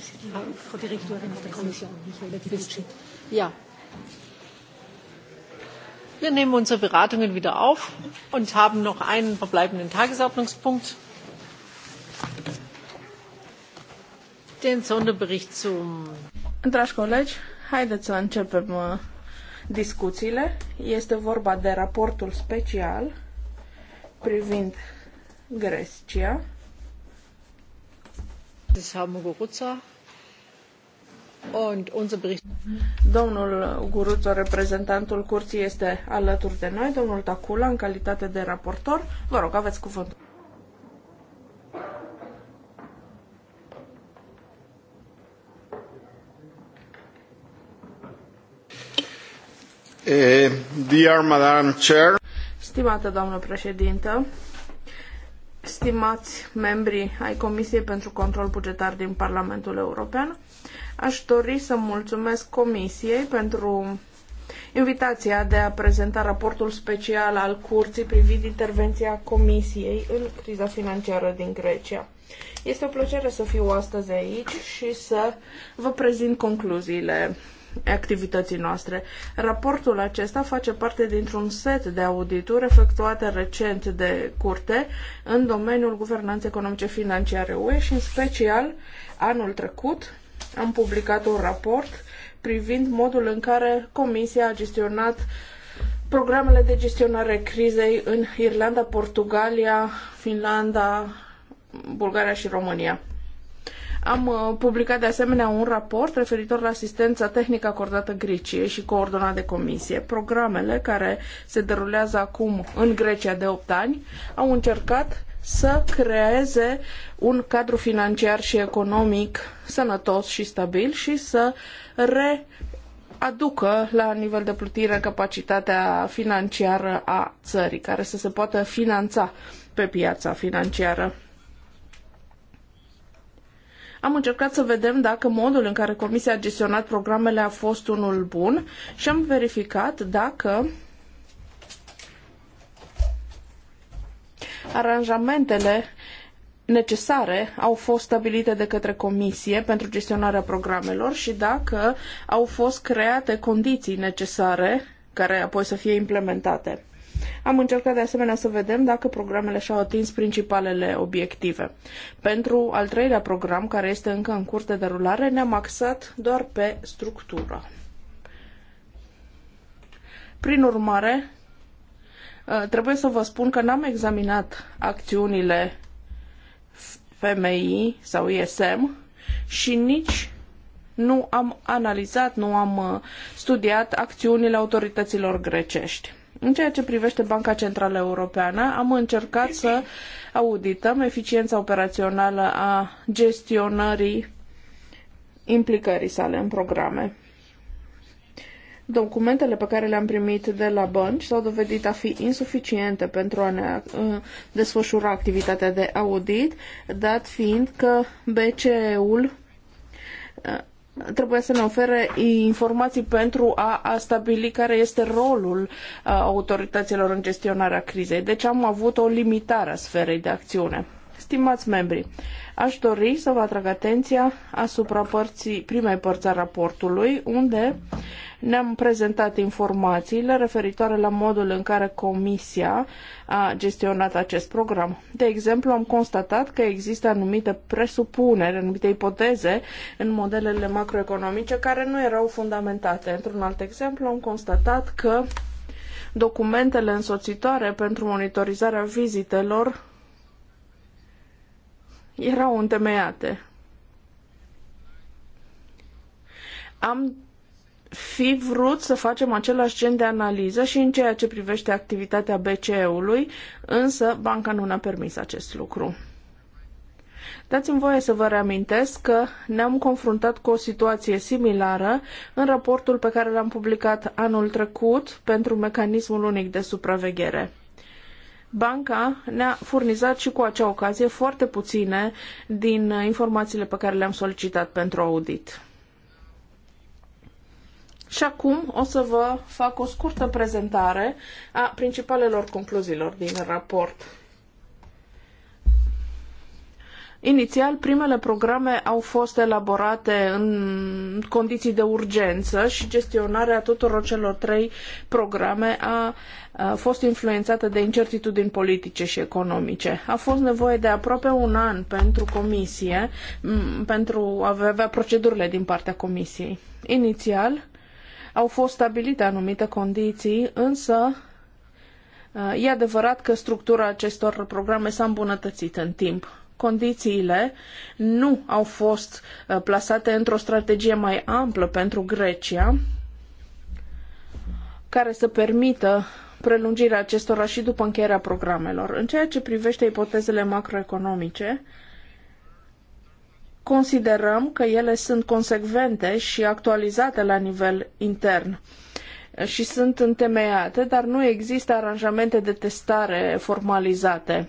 Frau Direktorin der Kommission, Ja. Wir nehmen unsere Beratungen wieder auf und haben noch einen verbleibenden Tagesordnungspunkt. Den Sonderbericht zum... Dragi colegi, haideți să începem uh, discuțiile. Este vorba de raportul special privind Grecia. Domnul Guruțo, reprezentantul curții, este alături de noi. Domnul Tacula, în calitate de raportor, vă rog, aveți cuvântul. Eh, dear Madam Chair. Stimată doamnă președintă, stimați membri ai Comisiei pentru Control Bugetar din Parlamentul European, aș dori să mulțumesc Comisiei pentru invitația de a prezenta raportul special al Curții privind intervenția Comisiei în criza financiară din Grecia. Este o plăcere să fiu astăzi aici și să vă prezint concluziile activității noastre. Raportul acesta face parte dintr-un set de audituri efectuate recent de curte în domeniul guvernanței economice financiare UE și în special anul trecut am publicat un raport privind modul în care Comisia a gestionat programele de gestionare crizei în Irlanda, Portugalia, Finlanda, Bulgaria și România. Am uh, publicat de asemenea un raport referitor la asistența tehnică acordată Greciei și coordonat de comisie. Programele care se derulează acum în Grecia de 8 ani au încercat să creeze un cadru financiar și economic sănătos și stabil și să re aducă la nivel de plutire capacitatea financiară a țării, care să se poată finanța pe piața financiară. Am încercat să vedem dacă modul în care Comisia a gestionat programele a fost unul bun și am verificat dacă aranjamentele necesare au fost stabilite de către Comisie pentru gestionarea programelor și dacă au fost create condiții necesare care apoi să fie implementate. Am încercat de asemenea să vedem dacă programele și-au atins principalele obiective. Pentru al treilea program, care este încă în curs de rulare, ne-am axat doar pe structură. Prin urmare, uh, trebuie să vă spun că n-am examinat acțiunile FMI sau ISM și nici nu am analizat, nu am uh, studiat acțiunile autorităților grecești. În ceea ce privește Banca Centrală Europeană, am încercat să audităm eficiența operațională a gestionării implicării sale în programe. Documentele pe care le-am primit de la bănci s-au dovedit a fi insuficiente pentru a ne uh, desfășura activitatea de audit, dat fiind că BCE-ul uh, trebuie să ne ofere informații pentru a, a stabili care este rolul a, autorităților în gestionarea crizei. Deci am avut o limitare a sferei de acțiune. Stimați membri, aș dori să vă atrag atenția asupra părții, primei părți a raportului, unde uh, ne-am prezentat informațiile referitoare la modul în care Comisia a gestionat acest program. De exemplu, am constatat că există anumite presupuneri, anumite ipoteze în modelele macroeconomice care nu erau fundamentate. Într-un alt exemplu, am constatat că documentele însoțitoare pentru monitorizarea vizitelor erau întemeiate. Am fi vrut să facem același gen de analiză și în ceea ce privește activitatea BCE-ului, însă banca nu ne-a permis acest lucru. Dați-mi voie să vă reamintesc că ne-am confruntat cu o situație similară în raportul pe care l-am publicat anul trecut pentru mecanismul unic de supraveghere. Banca ne-a furnizat și cu acea ocazie foarte puține din informațiile pe care le-am solicitat pentru audit. Și acum o să vă fac o scurtă prezentare a principalelor concluziilor din raport. Inițial, primele programe au fost elaborate în condiții de urgență și gestionarea tuturor celor trei programe a, a fost influențată de incertitudini politice și economice. A fost nevoie de aproape un an pentru comisie, pentru a avea procedurile din partea comisiei. Inițial, au fost stabilite anumite condiții, însă uh, e adevărat că structura acestor programe s-a îmbunătățit în timp. Condițiile nu au fost uh, plasate într-o strategie mai amplă pentru Grecia, care să permită prelungirea acestora și după încheierea programelor. În ceea ce privește ipotezele macroeconomice, uh, considerăm că ele sunt consecvente și actualizate la nivel intern și sunt întemeiate, dar nu există aranjamente de testare formalizate.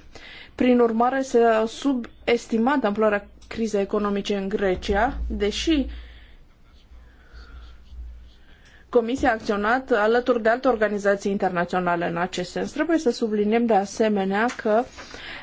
Prin urmare, s-a subestimat amploarea crizei economice în Grecia, deși Comisia a acționat alături de alte organizații internaționale în acest sens. Trebuie să subliniem de asemenea că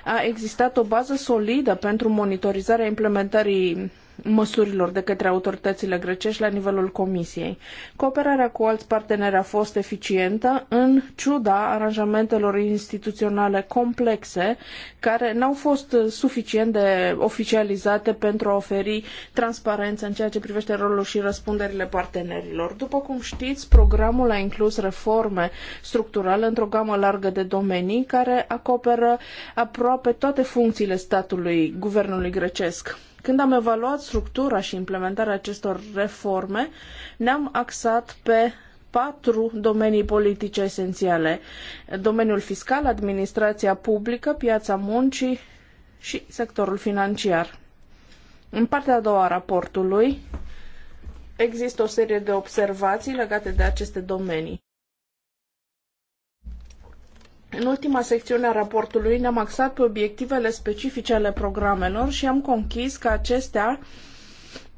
a existat o bază solidă pentru monitorizarea implementării măsurilor de către autoritățile grecești la nivelul Comisiei. Cooperarea cu alți parteneri a fost eficientă în ciuda aranjamentelor instituționale complexe care n-au fost suficient de oficializate pentru a oferi transparență în ceea ce privește rolul și răspunderile partenerilor. După cum știți, programul a inclus reforme structurale într-o gamă largă de domenii care acoperă aproape toate funcțiile statului, guvernului grecesc. Când am evaluat structura și implementarea acestor reforme, ne-am axat pe patru domenii politice esențiale. Domeniul fiscal, administrația publică, piața muncii și sectorul financiar. În partea a doua a raportului există o serie de observații legate de aceste domenii. În ultima secțiune a raportului ne-am axat pe obiectivele specifice ale programelor și am conchis că acestea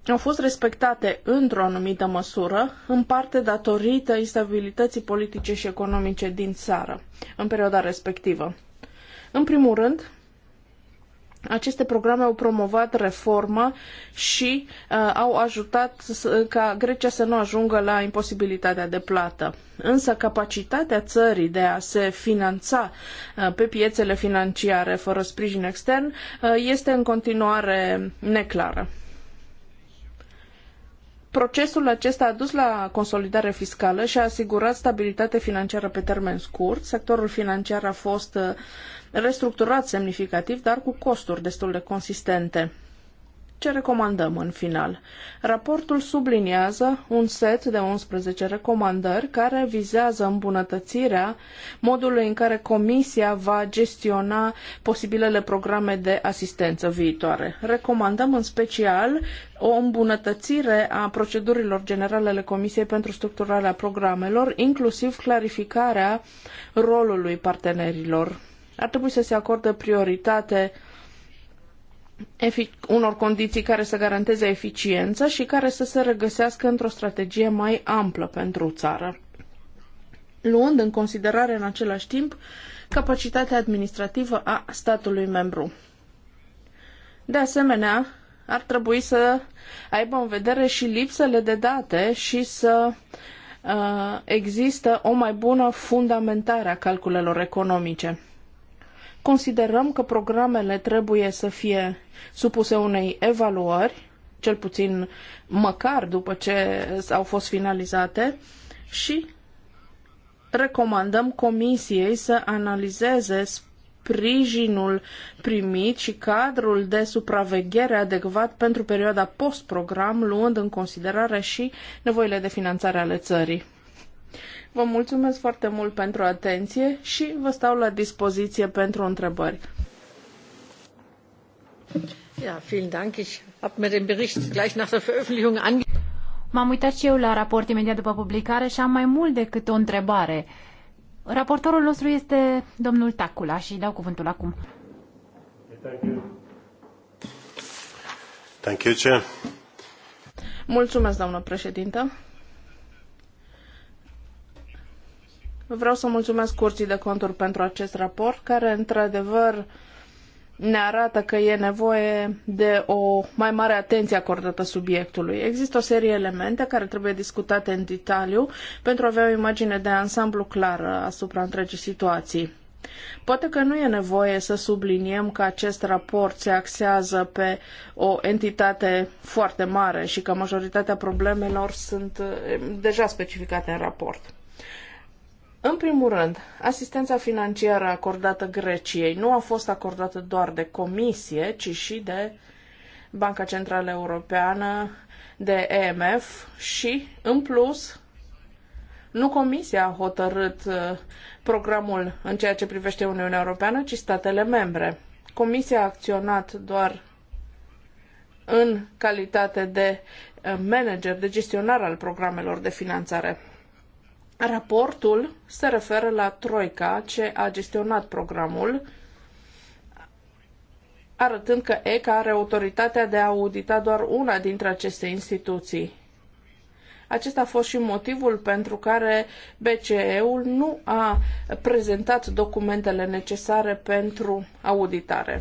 au fost respectate într-o anumită măsură, în parte datorită instabilității politice și economice din țară în perioada respectivă. În primul rând, aceste programe au promovat reforma și uh, au ajutat ca Grecia să nu ajungă la imposibilitatea de plată. Însă capacitatea țării de a se finanța uh, pe piețele financiare fără sprijin extern uh, este în continuare neclară. Procesul acesta a dus la consolidare fiscală și a asigurat stabilitate financiară pe termen scurt. Sectorul financiar a fost uh, restructurat semnificativ, dar cu costuri destul de consistente. Ce recomandăm în final? Raportul subliniază un set de 11 recomandări care vizează îmbunătățirea modului în care Comisia va gestiona posibilele programe de asistență viitoare. Recomandăm în special o îmbunătățire a procedurilor generale ale Comisiei pentru structurarea programelor, inclusiv clarificarea rolului partenerilor. Ar trebui să se acorde prioritate unor condiții care să garanteze eficiență și care să se regăsească într-o strategie mai amplă pentru țară, luând în considerare în același timp capacitatea administrativă a statului membru. De asemenea, ar trebui să aibă în vedere și lipsele de date și să uh, există o mai bună fundamentare a calculelor economice. Considerăm că programele trebuie să fie supuse unei evaluări, cel puțin măcar după ce au fost finalizate, și recomandăm Comisiei să analizeze sprijinul primit și cadrul de supraveghere adecvat pentru perioada post-program, luând în considerare și nevoile de finanțare ale țării. Vă mulțumesc foarte mult pentru atenție și vă stau la dispoziție pentru întrebări. Ja, vielen Dank. Ich habe mir den Bericht gleich nach der Veröffentlichung ange M-am uitat și eu la raport imediat după publicare și am mai mult decât o întrebare. Raportorul nostru este domnul Tacula și dau cuvântul acum. Thank you. Thank you, Mulțumesc, doamnă președintă. Vreau să mulțumesc Curții de Conturi pentru acest raport, care într-adevăr ne arată că e nevoie de o mai mare atenție acordată subiectului. Există o serie elemente care trebuie discutate în detaliu pentru a avea o imagine de ansamblu clară asupra întregii situații. Poate că nu e nevoie să subliniem că acest raport se axează pe o entitate foarte mare și că majoritatea problemelor sunt eh, deja specificate în raport. În primul rând, asistența financiară acordată Greciei nu a fost acordată doar de Comisie, ci și de Banca Centrală Europeană, de EMF și, în plus, nu Comisia a hotărât uh, programul în ceea ce privește Uniunea Europeană, ci statele membre. Comisia a acționat doar în calitate de uh, manager, de gestionar al programelor de finanțare. Raportul se referă la Troica, ce a gestionat programul, arătând că ECA are autoritatea de a audita doar una dintre aceste instituții. Acesta a fost și motivul pentru care BCE-ul nu a prezentat documentele necesare pentru auditare.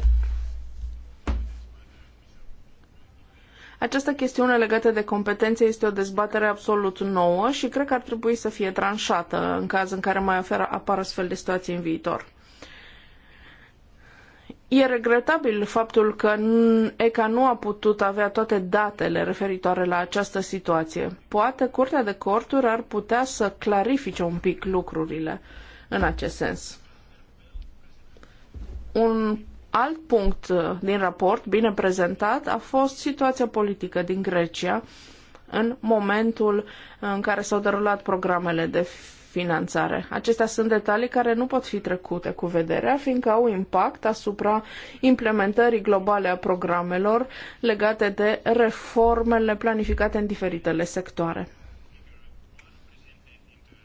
Această chestiune legată de competențe este o dezbatere absolut nouă și cred că ar trebui să fie tranșată în caz în care mai oferă, apar astfel de situații în viitor. E regretabil faptul că ECA nu a putut avea toate datele referitoare la această situație. Poate Curtea de Corturi ar putea să clarifice un pic lucrurile în acest sens. Un Alt punct uh, din raport, bine prezentat, a fost situația politică din Grecia în momentul în care s-au derulat programele de finanțare. Acestea sunt detalii care nu pot fi trecute cu vederea, fiindcă au impact asupra implementării globale a programelor legate de reformele planificate în diferitele sectoare.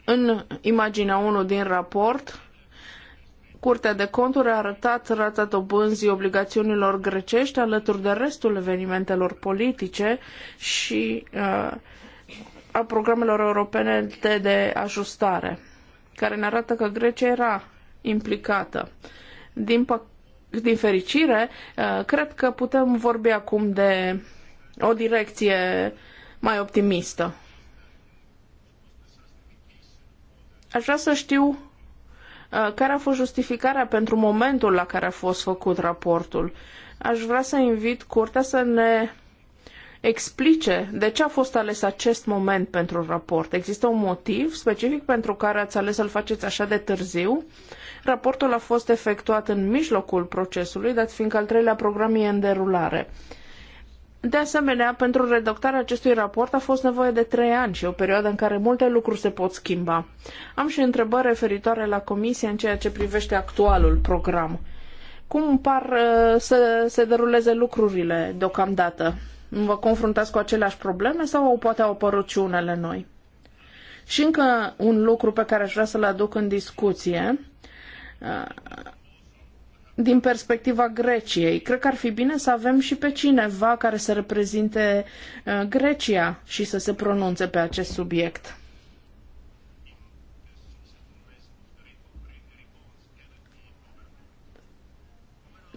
În imaginea 1 din raport Curtea de conturi a arătat rata dobânzii obligațiunilor grecești alături de restul evenimentelor politice și uh, a programelor europene de, de ajustare, care ne arată că Grecia era implicată. Din, din fericire, uh, cred că putem vorbi acum de o direcție mai optimistă. Aș vrea să știu Uh, care a fost justificarea pentru momentul la care a fost făcut raportul. Aș vrea să invit curtea să ne explice de ce a fost ales acest moment pentru raport. Există un motiv specific pentru care ați ales să-l faceți așa de târziu? Raportul a fost efectuat în mijlocul procesului, dat fiindcă al treilea program e în derulare. Uh, de asemenea, pentru redactarea acestui raport a fost nevoie de trei ani și o perioadă în care multe lucruri se pot schimba. Am și întrebări referitoare la comisie în ceea ce privește actualul program. Cum par uh, să se deruleze lucrurile deocamdată? Vă confruntați cu aceleași probleme sau poate au apărut și unele noi? Și încă un lucru pe care aș vrea să-l aduc în discuție. Uh, din perspectiva Greciei. Cred că ar fi bine să avem și pe cineva care să reprezinte uh, Grecia și să se pronunțe pe acest subiect.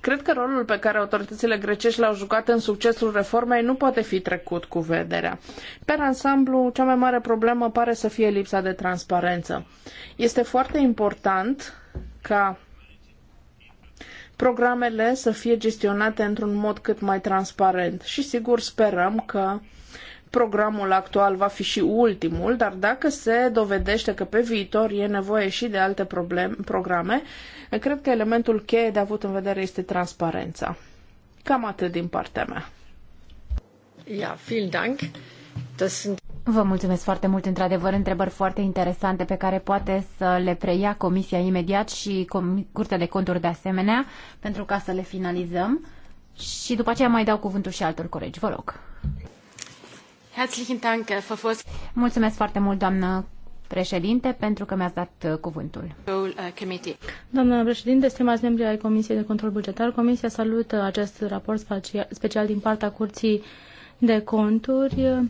Cred că rolul pe care autoritățile grecești l-au jucat în succesul reformei nu poate fi trecut cu vederea. Pe ansamblu, cea mai mare problemă pare să fie lipsa de transparență. Este foarte important ca programele să fie gestionate într-un mod cât mai transparent. Și sigur sperăm că programul actual va fi și ultimul, dar dacă se dovedește că pe viitor e nevoie și de alte problem, programe, cred că elementul cheie de avut în vedere este transparența. Cam atât din partea mea. Ja, vielen Dank. Das sind Vă mulțumesc foarte mult, într-adevăr, întrebări foarte interesante pe care poate să le preia Comisia imediat și Curtea de Conturi de asemenea, pentru ca să le finalizăm. Și după aceea mai dau cuvântul și altor colegi. Vă rog. Mulțumesc foarte mult, doamnă președinte, pentru că mi-ați dat uh, cuvântul. Uh, doamnă președinte, stimați membri ai Comisiei de Control Bugetar, Comisia salută acest raport special din partea Curții de conturi.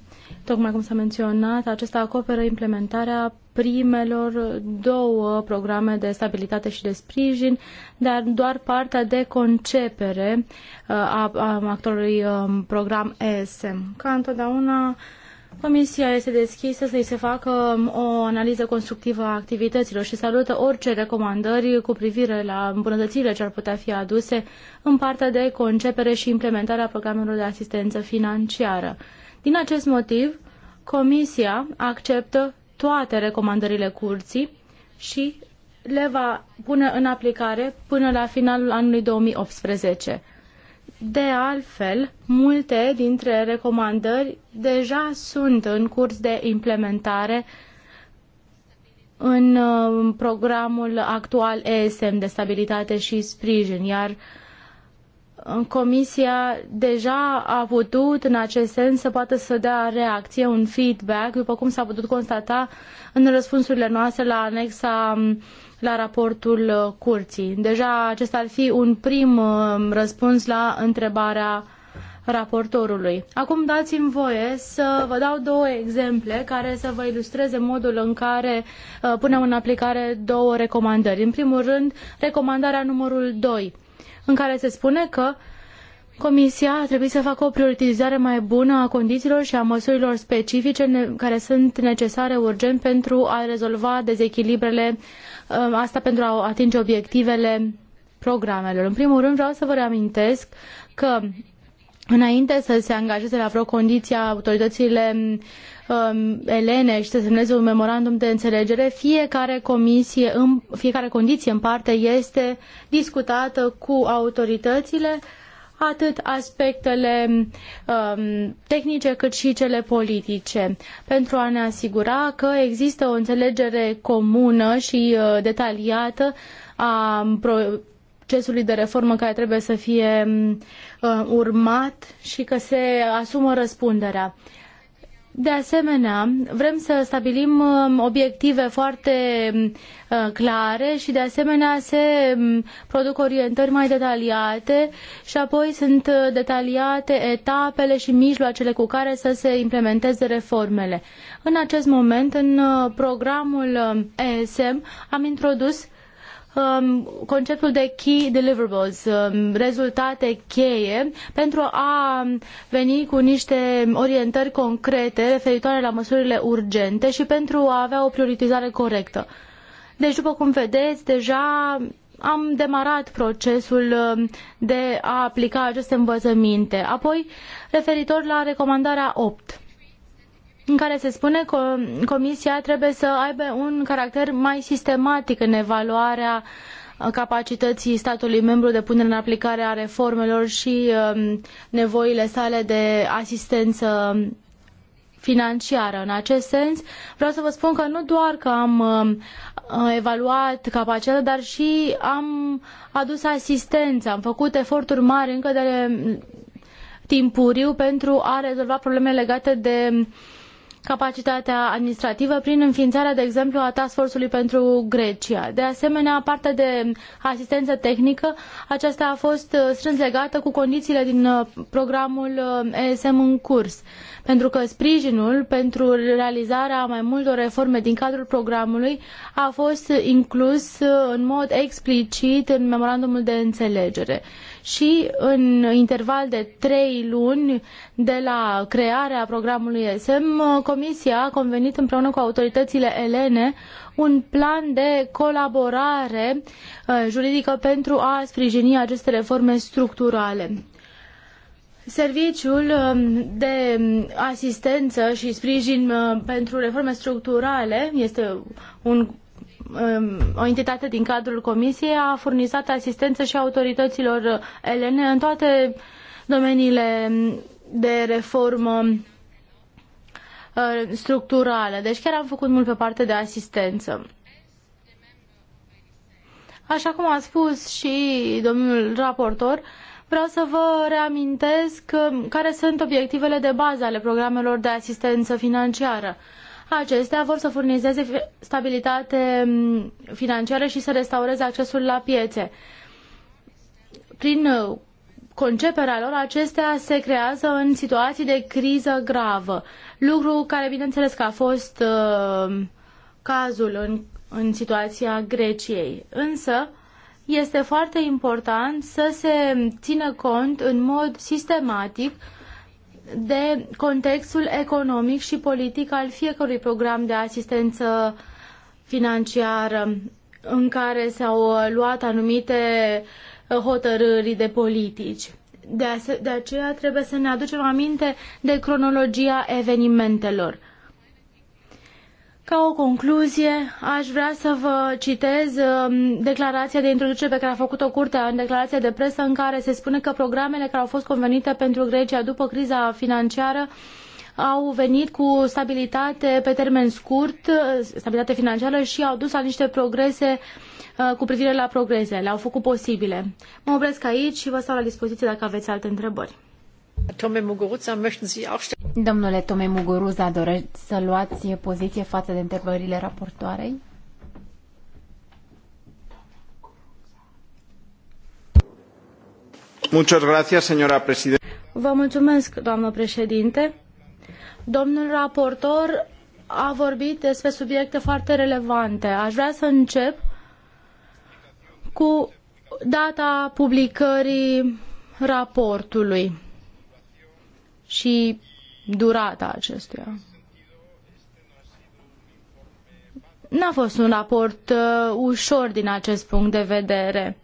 Tocmai cum s-a menționat, acesta acoperă implementarea primelor două programe de stabilitate și de sprijin, dar doar partea de concepere uh, a, a actorului um, program ESM. Ca întotdeauna, Comisia este deschisă să-i se facă um, o analiză constructivă a activităților și salută orice recomandări cu privire la îmbunătățirile ce ar putea fi aduse în partea de concepere și implementare a programelor de asistență financiară. Din acest motiv, Comisia acceptă toate recomandările curții și le va pune în aplicare până la finalul anului 2018. De altfel, multe dintre recomandări deja sunt în curs de implementare în uh, programul actual ESM de stabilitate și sprijin, iar uh, Comisia deja a putut în acest sens să poată să dea reacție, un feedback, după cum s-a putut constata în răspunsurile noastre la anexa um, la raportul uh, curții. Deja acesta ar fi un prim uh, răspuns la întrebarea raportorului. Acum dați-mi voie să vă dau două exemple care să vă ilustreze modul în care uh, punem în aplicare două recomandări. În primul rând, recomandarea numărul doi, în care se spune că Comisia a trebuit să facă o prioritizare mai bună a condițiilor și a măsurilor specifice care sunt necesare urgent pentru a rezolva dezechilibrele Ă, asta pentru a atinge obiectivele programelor. În primul rând vreau să vă reamintesc că înainte să se angajeze la vreo condiție autoritățile um, elene și să semneze un memorandum de înțelegere, fiecare, comisie, în, fiecare condiție în parte este discutată cu autoritățile atât aspectele um, tehnice cât și cele politice, pentru a ne asigura că există o înțelegere comună și uh, detaliată a um, procesului de reformă care trebuie să fie um, uh, urmat și că se asumă răspunderea. Uh, de asemenea, vrem să stabilim um, obiective foarte um, uh, clare și de asemenea se um, produc orientări mai detaliate și apoi sunt uh, detaliate etapele și mijloacele cu care să se implementeze reformele. În acest moment, în uh, programul ESM, am introdus Um, conceptul de key deliverables, um, rezultate cheie, pentru a veni cu niște orientări concrete referitoare la măsurile urgente și pentru a avea o prioritizare corectă. Deci, după cum vedeți, deja am demarat procesul um, de a aplica aceste învățăminte. Apoi, referitor la recomandarea opt în care se spune că Comisia trebuie să aibă un caracter mai sistematic în evaluarea capacității statului membru de punere în aplicare a reformelor și um, nevoile sale de asistență financiară. În acest sens, vreau să vă spun că nu doar că am um, evaluat capacitatea, dar și am adus asistență, am făcut eforturi mari încă de mm, timpuriu pentru a rezolva problemele legate de capacitatea administrativă prin înființarea, de exemplu, a Task Force-ului pentru Grecia. De asemenea, partea de asistență tehnică, aceasta a fost uh, strâns legată cu condițiile din uh, programul uh, ESM în curs, pentru că sprijinul pentru realizarea mai multor reforme din cadrul programului a fost inclus în mod explicit în memorandumul de înțelegere și în interval de trei luni de la crearea programului SM, Comisia a convenit împreună cu autoritățile elene un plan de colaborare uh, juridică pentru a sprijini aceste reforme structurale. Serviciul um, de asistență și sprijin uh, pentru reforme structurale este un Um, o entitate din cadrul Comisiei a furnizat asistență și autorităților elene în toate domeniile de reformă uh, structurală. Deci chiar am făcut mult pe parte de asistență. Așa cum a spus și domnul raportor, vreau să vă reamintesc um, care sunt obiectivele de bază ale programelor de asistență financiară. Acestea vor să furnizeze stabilitate financiară și să restaureze accesul la piețe. Prin uh, conceperea lor, acestea se creează în situații de criză gravă, lucru care, bineînțeles, că a fost uh, cazul în, în situația Greciei. Însă, este foarte important să se țină cont în mod sistematic uh, de contextul economic și politic al fiecărui program de asistență financiară în care s-au luat anumite hotărâri de politici. De, de aceea trebuie să ne aducem aminte de cronologia evenimentelor. Ca o concluzie, aș vrea să vă citez um, declarația de introducere pe care a făcut-o Curtea în declarația de presă în care se spune că programele care au fost convenite pentru Grecia după criza financiară au venit cu stabilitate pe termen scurt, stabilitate financiară și au dus la niște progrese uh, cu privire la progrese, le-au făcut posibile. Mă opresc aici și vă stau la dispoziție dacă aveți alte întrebări. Domnule Tome Muguruza, doreți să luați poziție față de întrebările raportoarei? Vă mulțumesc, doamnă președinte. Domnul raportor a vorbit despre subiecte foarte relevante. Aș vrea să încep cu data publicării raportului și durata acestuia. N-a fost un raport uh, ușor din acest punct de vedere.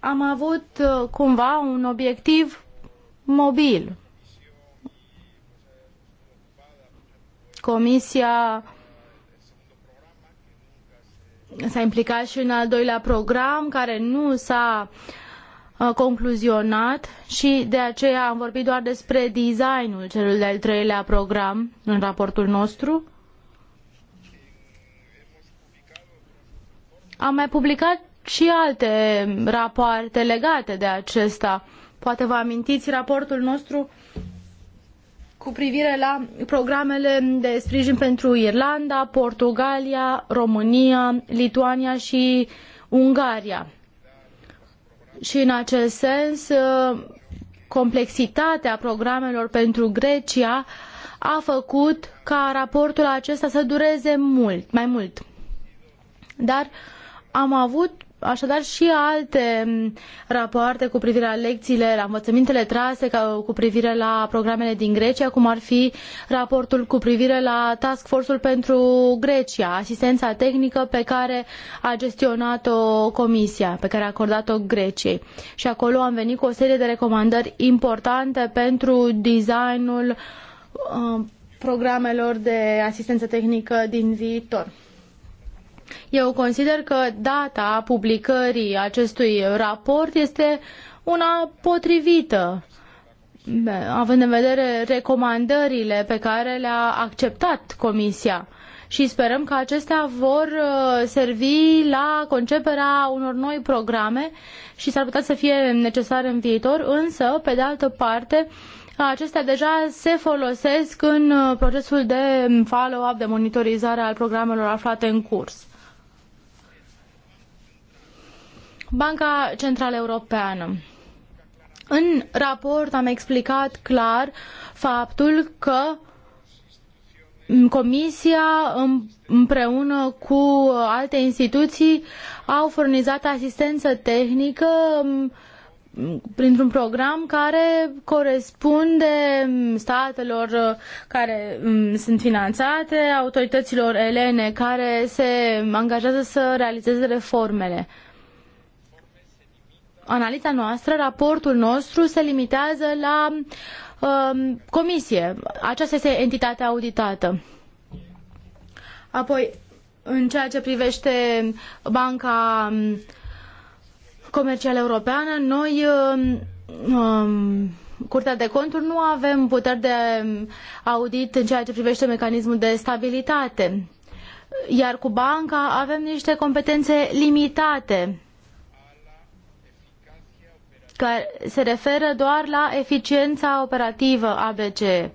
Am avut uh, cumva un obiectiv mobil. Comisia s-a implicat și în al doilea program care nu s-a uh, Uh, concluzionat și de aceea am vorbit doar despre designul celui de-al treilea program în raportul nostru. Am mai publicat și alte rapoarte legate de acesta. Poate vă amintiți raportul nostru cu privire la programele de sprijin pentru Irlanda, Portugalia, România, Lituania și Ungaria. Și în acest sens, uh, complexitatea programelor pentru Grecia a făcut ca raportul acesta să dureze mult, mai mult. Dar am avut așadar și alte mm, rapoarte cu privire la lecțiile, la învățămintele trase, ca, cu privire la programele din Grecia, cum ar fi raportul cu privire la Task Force-ul pentru Grecia, asistența tehnică pe care a gestionat-o Comisia, pe care a acordat-o Greciei. Și acolo am venit cu o serie de recomandări importante pentru designul uh, programelor de asistență tehnică din viitor. Eu consider că data publicării acestui raport este una potrivită, având în vedere recomandările pe care le-a acceptat Comisia și sperăm că acestea vor uh, servi la conceperea unor noi programe și s-ar putea să fie necesare în viitor, însă, pe de altă parte, acestea deja se folosesc în uh, procesul de follow-up, de monitorizare al programelor aflate în curs. Banca Centrală Europeană. În raport am explicat clar faptul că Comisia împreună cu alte instituții au furnizat asistență tehnică printr-un program care corespunde statelor uh, care sunt finanțate, autorităților elene care se angajează să realizeze reformele analiza noastră, raportul nostru se limitează la uh, comisie. Aceasta este entitatea auditată. Apoi, în ceea ce privește Banca um, Comercială Europeană, noi uh, Curtea de Conturi nu avem puteri de audit în ceea ce privește mecanismul de stabilitate. Iar cu banca avem niște competențe limitate care se referă doar la eficiența operativă a BCE.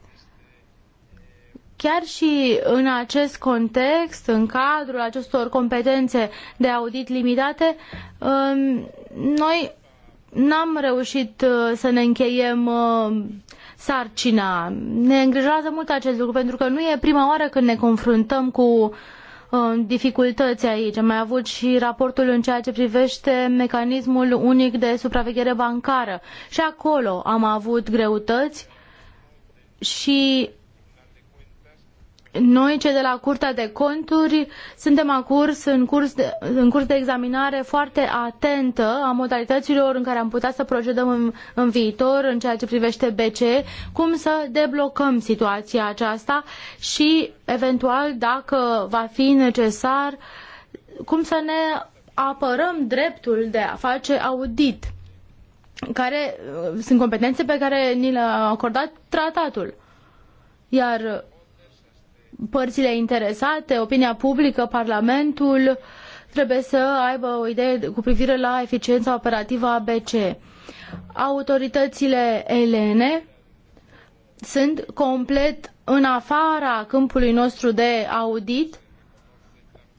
Chiar și în acest context, în cadrul acestor competențe de audit limitate, um, noi n-am reușit uh, să ne încheiem uh, sarcina. Ne îngrijează mult acest lucru, pentru că nu e prima oară când ne confruntăm cu Um, dificultăți aici. Am mai avut și raportul în ceea ce privește mecanismul unic de supraveghere bancară. Și acolo am avut greutăți și noi, cei de la Curtea de Conturi, suntem în curs, în, curs de, în curs de examinare foarte atentă a modalităților în care am putea să procedăm în, în viitor, în ceea ce privește BCE, cum să deblocăm situația aceasta și, eventual, dacă va fi necesar, cum să ne apărăm dreptul de a face audit, care sunt competențe pe care ni le-a acordat tratatul. Iar părțile interesate, opinia publică, Parlamentul, trebuie să aibă o idee cu privire la eficiența operativă a BCE. Autoritățile elene sunt complet în afara câmpului nostru de audit,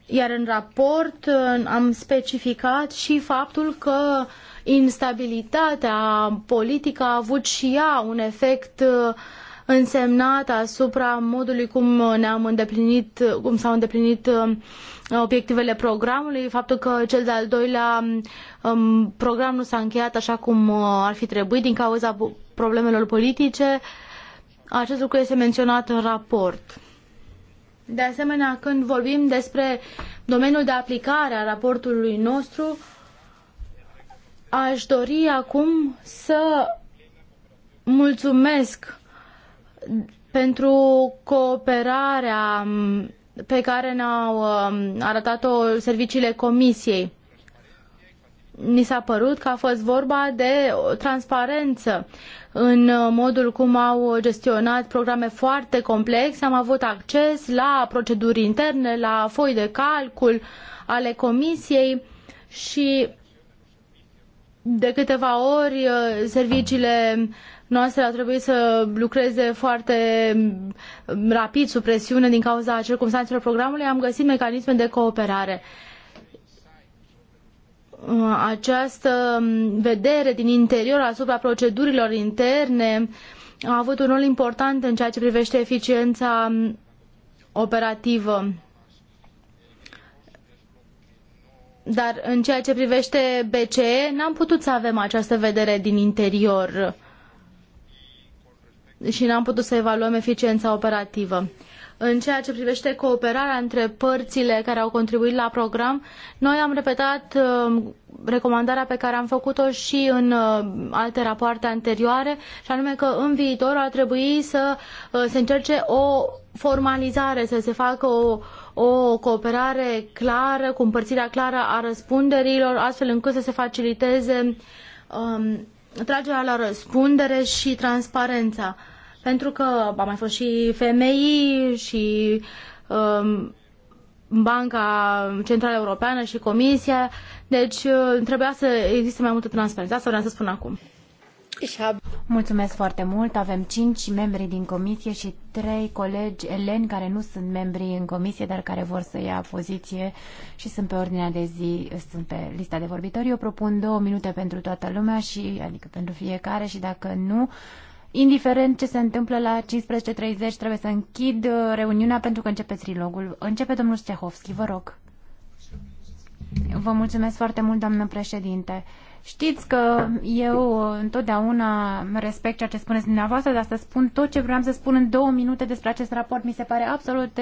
iar în raport am specificat și faptul că instabilitatea politică a avut și ea un efect uh, însemnat asupra modului cum ne-am îndeplinit, cum s-au îndeplinit um, obiectivele programului, faptul că cel de-al doilea um, program nu s-a încheiat așa cum uh, ar fi trebuit din cauza problemelor politice. Acest lucru este menționat în raport. De asemenea, când vorbim despre domeniul de aplicare a raportului nostru, aș dori acum să mulțumesc pentru cooperarea pe care ne-au um, arătat-o serviciile comisiei. Ni s-a părut că a fost vorba de transparență în modul cum au gestionat programe foarte complexe. Am avut acces la proceduri interne, la foi de calcul ale comisiei și de câteva ori uh, serviciile noastre a trebuit să lucreze foarte rapid sub presiune din cauza circumstanțelor programului, am găsit mecanisme de cooperare. Această vedere din interior asupra procedurilor interne a avut un rol important în ceea ce privește eficiența operativă. Dar în ceea ce privește BCE, n-am putut să avem această vedere din interior. Uh, și n-am putut să evaluăm eficiența operativă. În ceea ce privește cooperarea între părțile care au contribuit la program, noi am repetat um, recomandarea pe care am făcut-o și în uh, alte rapoarte anterioare, și anume că în viitor ar trebui să uh, se încerce o formalizare, să se facă o, o cooperare clară, cu împărțirea clară a răspunderilor, astfel încât să se faciliteze um, tragerea la răspundere și transparența. Pentru că a mai fost și femei și um, Banca Centrală Europeană și Comisia, deci uh, trebuia să existe mai multă transparență. Asta vreau să spun acum. Mulțumesc foarte mult. Avem cinci membri din comisie și trei colegi eleni care nu sunt membri în comisie, dar care vor să ia poziție și sunt pe ordinea de zi, sunt pe lista de vorbitori. Eu propun două minute pentru toată lumea și adică pentru fiecare și dacă nu, indiferent ce se întâmplă la 15.30, trebuie să închid uh, reuniunea pentru că începe trilogul. Începe domnul Stehovski, vă rog. Vă mulțumesc foarte mult, doamnă președinte. Știți că eu uh, întotdeauna respect ceea ce spuneți dumneavoastră, dar să spun tot ce vreau să spun în două minute despre acest raport mi se pare absolut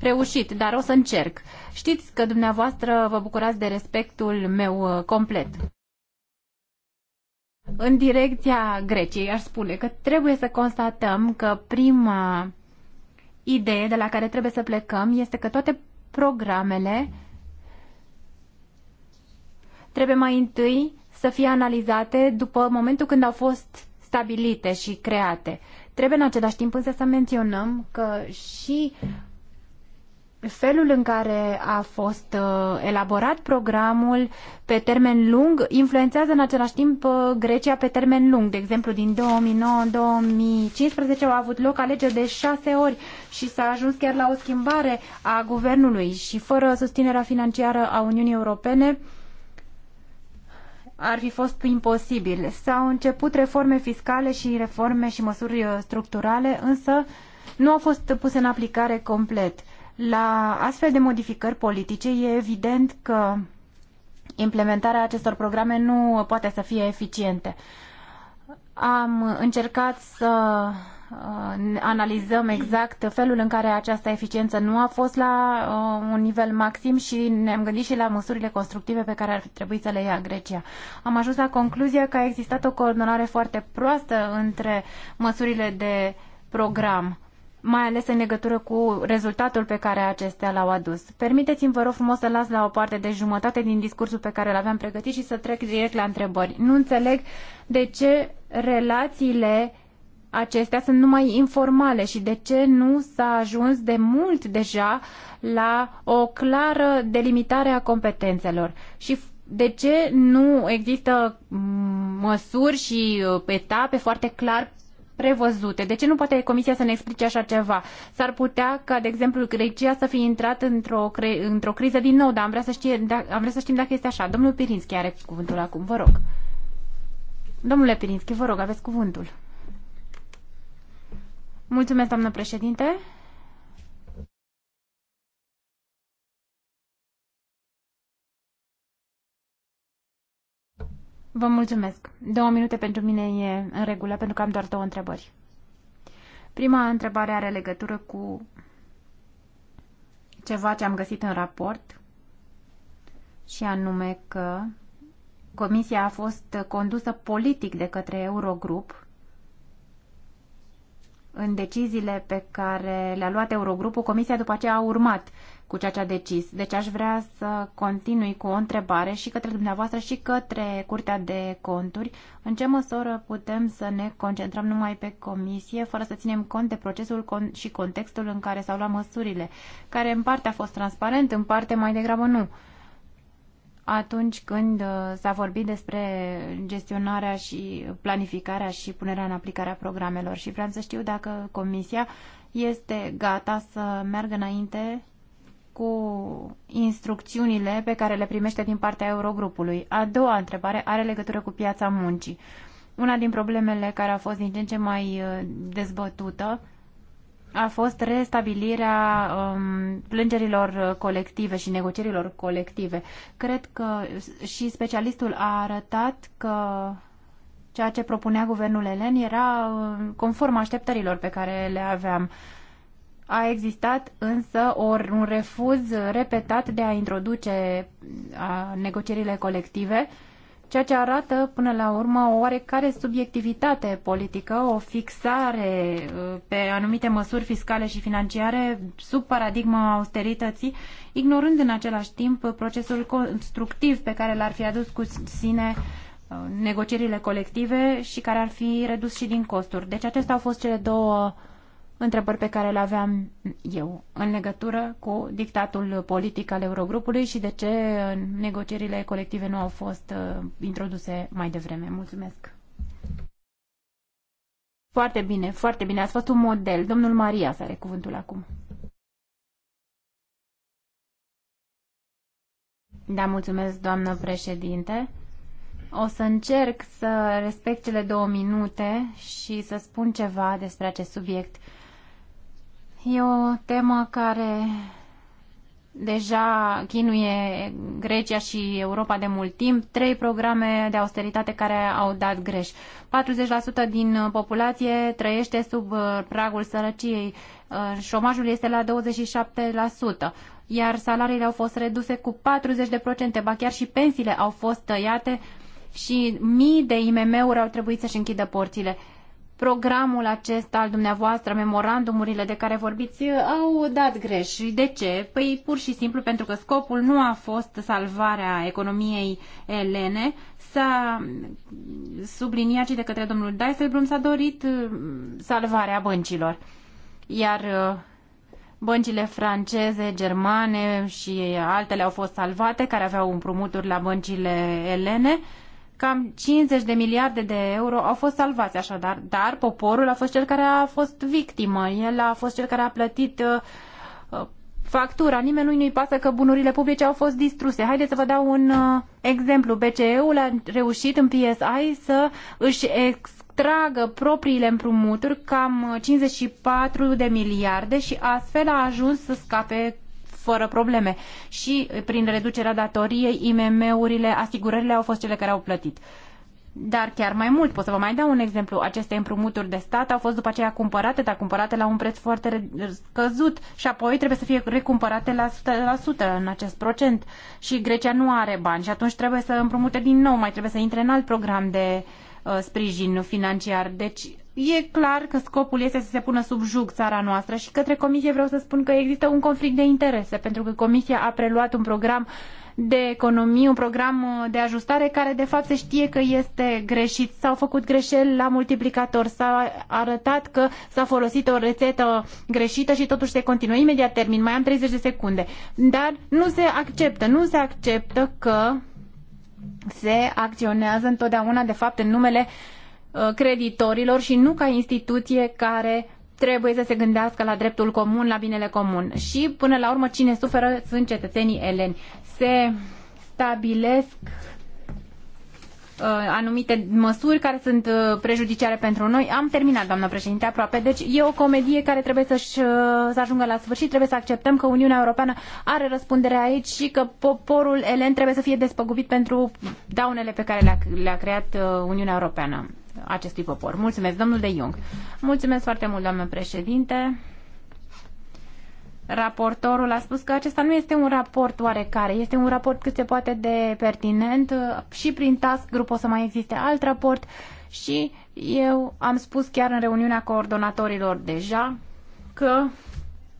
nereușit, dar o să încerc. Știți că dumneavoastră vă bucurați de respectul meu uh, complet. În direcția Greciei aș spune că trebuie să constatăm că prima idee de la care trebuie să plecăm este că toate programele trebuie mai întâi să fie analizate după momentul când au fost stabilite și create. Trebuie în același timp însă să menționăm că și felul în care a fost uh, elaborat programul pe termen lung influențează în același timp uh, Grecia pe termen lung. De exemplu, din 2009-2015 au avut loc alegeri de șase ori și s-a ajuns chiar la o schimbare a guvernului și fără susținerea financiară a Uniunii Europene, uh, ar fi fost imposibil. S-au început reforme fiscale și reforme și măsuri uh, structurale, însă nu au fost puse în aplicare complet. La astfel de modificări politice e evident că implementarea acestor programe nu poate să fie eficiente. Am încercat să Uh, analizăm exact felul în care această eficiență nu a fost la uh, un nivel maxim și ne-am gândit și la măsurile constructive pe care ar trebui să le ia Grecia. Am ajuns la concluzia că a existat o coordonare foarte proastă între măsurile de program mai ales în legătură cu rezultatul pe care acestea l-au adus. Permiteți-mi, vă rog frumos, să las la o parte de jumătate din discursul pe care l-aveam pregătit și să trec direct la întrebări. Nu înțeleg de ce relațiile acestea sunt numai informale și de ce nu s-a ajuns de mult deja la o clară delimitare a competențelor și de ce nu există mm, măsuri și uh, etape foarte clar prevăzute. De ce nu poate Comisia să ne explice așa ceva? S-ar putea ca, de exemplu, Grecia să fie intrat într-o, într-o criză din nou, dar am vrea, să știe, da, am vrea să știm dacă este așa. Domnul Pirinski are cuvântul acum, vă rog. Domnule Pirinski, vă rog, aveți cuvântul. Mulțumesc, Vă mulțumesc. Două minute pentru mine e în regulă, pentru că am doar două întrebări. Prima întrebare are legătură cu ceva ce am găsit în raport și anume că comisia a fost condusă politic de către Eurogrup în deciziile pe care le-a luat Eurogrupul, Comisia după aceea a urmat cu ceea ce a decis. Deci aș vrea să continui cu o întrebare și către dumneavoastră și către Curtea de Conturi. În ce măsură putem să ne concentrăm numai pe comisie, fără să ținem cont de procesul și contextul în care s-au luat măsurile, care în parte a fost transparent, în parte mai degrabă nu atunci când uh, s-a vorbit despre gestionarea și planificarea și punerea în aplicare a programelor și vreau să știu dacă Comisia este gata să meargă înainte cu instrucțiunile pe care le primește din partea Eurogrupului. A doua întrebare are legătură cu piața muncii. Una din problemele care a fost din ce în ce mai uh, dezbătută a fost restabilirea um, plângerilor colective și negocierilor colective. Cred că și specialistul a arătat că ceea ce propunea guvernul elen era um, conform așteptărilor pe care le aveam. A existat însă or, un refuz repetat de a introduce a, uh, negocierile colective uh, ceea ce arată până la urmă o oarecare subiectivitate politică, o fixare uh, pe anumite măsuri fiscale și financiare sub paradigma austerității, ignorând în același timp procesul constructiv pe care l-ar fi adus cu sine uh, negocierile colective și care ar fi redus și din costuri. Deci acestea au fost cele două uh, întrebări pe care le aveam eu în legătură cu dictatul politic al Eurogrupului și de ce negocierile colective nu au fost uh, introduse mai devreme. Mulțumesc! Foarte bine, foarte bine. Ați fost un model. Domnul Maria să are cuvântul acum. Da, mulțumesc, doamnă președinte. O să încerc să respect cele două minute și să spun ceva despre acest subiect. E o temă care deja chinuie Grecia și Europa de mult timp, trei programe de austeritate care au dat greș. 40% din populație trăiește sub uh, pragul sărăciei, uh, șomajul este la 27%, iar salariile au fost reduse cu 40%, ba chiar și pensiile au fost tăiate și mii de IMM-uri au trebuit să-și închidă porțile programul acesta al dumneavoastră, memorandumurile de care vorbiți, uh, au dat greș. De ce? Păi pur și simplu pentru că scopul nu a fost salvarea economiei elene, s-a subliniat și de către domnul Dijsselbloem, s-a dorit uh, salvarea băncilor. Iar uh, băncile franceze, germane și altele au fost salvate, care aveau împrumuturi la băncile elene, Cam 50 de miliarde de euro au fost salvați așadar, dar poporul a fost cel care a fost victimă. El a fost cel care a plătit uh, uh, factura. Nimeni nu-i pasă că bunurile publice au fost distruse. Haideți să vă dau un uh, exemplu. BCE-ul a reușit în PSI să își ex tragă propriile împrumuturi cam 54 de miliarde și astfel a ajuns să scape fără probleme. Și eh, prin reducerea datoriei, IMM-urile, asigurările au fost cele care au plătit. Dar chiar mai mult, pot să vă mai dau un exemplu. Aceste împrumuturi de stat au fost după aceea cumpărate, dar cumpărate la un preț foarte scăzut și apoi trebuie să fie recumpărate la 100% în acest procent. Și Grecia nu are bani și atunci trebuie să împrumute din nou, mai trebuie să intre în alt program de uh, sprijin financiar. Deci E clar că scopul este să se pună sub jug țara noastră și către Comisie vreau să spun că există un conflict de interese, pentru că Comisia a preluat un program de economie, un program uh, de ajustare care de fapt se știe că este greșit. S-au făcut greșeli la multiplicator, s-a arătat că s-a folosit o rețetă greșită și totuși se continuă. Imediat termin, mai am 30 de secunde. Dar nu se acceptă, nu se acceptă că se acționează întotdeauna de fapt în numele uh, Uh, creditorilor și nu ca instituție care trebuie să se gândească la dreptul comun, la binele comun. Și, până la urmă, cine suferă sunt cetățenii eleni. Se stabilesc uh, anumite măsuri care sunt uh, prejudiciare pentru noi. Am terminat, doamnă președinte, aproape. Deci e o comedie care trebuie să-și, să ajungă la sfârșit. Trebuie să acceptăm că Uniunea Europeană are răspundere aici și că poporul elen trebuie să fie despăgubit pentru daunele pe care le-a, le creat Uniunea Europeană acestui popor. Mulțumesc, domnul de Jung. Mulțumesc foarte mult, doamnă președinte. Raportorul a spus că acesta nu este un raport oarecare, este un raport cât se poate de pertinent și prin task grupul o să mai existe alt raport și eu am spus chiar în reuniunea coordonatorilor deja că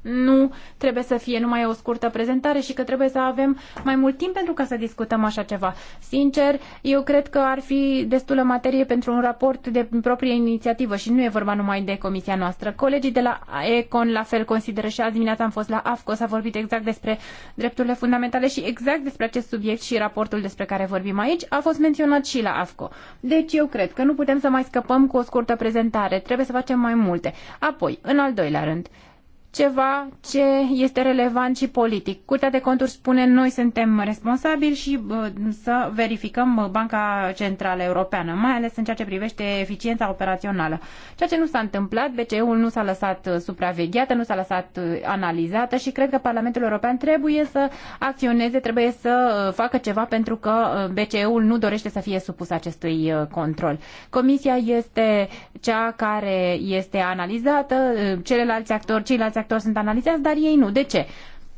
nu trebuie să fie numai o scurtă prezentare și că trebuie să avem mai mult timp pentru ca să discutăm așa ceva. Sincer, eu cred că ar fi destulă materie pentru un raport de proprie inițiativă și nu e vorba numai de comisia noastră. Colegii de la Econ la fel consideră și azi dimineața am fost la AFCO, s-a vorbit exact despre drepturile fundamentale și exact despre acest subiect și raportul despre care vorbim aici a fost menționat și la AFCO. Deci eu cred că nu putem să mai scăpăm cu o scurtă prezentare, trebuie să facem mai multe. Apoi, în al doilea rând, ceva ce este relevant și politic. Curtea de conturi spune noi suntem responsabili și să verificăm Banca Centrală Europeană, mai ales în ceea ce privește eficiența operațională. Ceea ce nu s-a întâmplat, BCE-ul nu s-a lăsat uh, supravegheată, nu s-a lăsat uh, analizată și cred că Parlamentul European trebuie să acționeze, trebuie să uh, facă ceva pentru că BCE-ul nu dorește să fie supus acestui control. Comisia este cea care este analizată, celelalți actori, ceilalți actori sunt analizați, dar ei nu. De ce?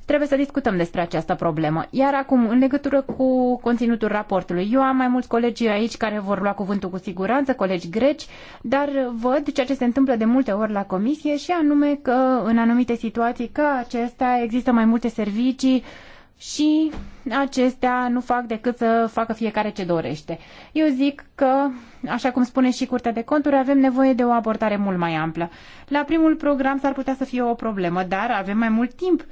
Trebuie să discutăm despre această problemă. Iar acum, în legătură cu conținutul raportului, eu am mai mulți colegi aici care vor lua cuvântul cu siguranță, colegi greci, dar văd ceea ce se întâmplă de multe ori la comisie și anume că în anumite situații ca acestea există mai multe servicii uh, și acestea nu fac decât să facă fiecare ce dorește. Eu zic că, așa cum spune și Curtea de Conturi, avem nevoie de o abordare mult mai amplă. La primul program s-ar putea să fie o problemă, dar avem mai mult timp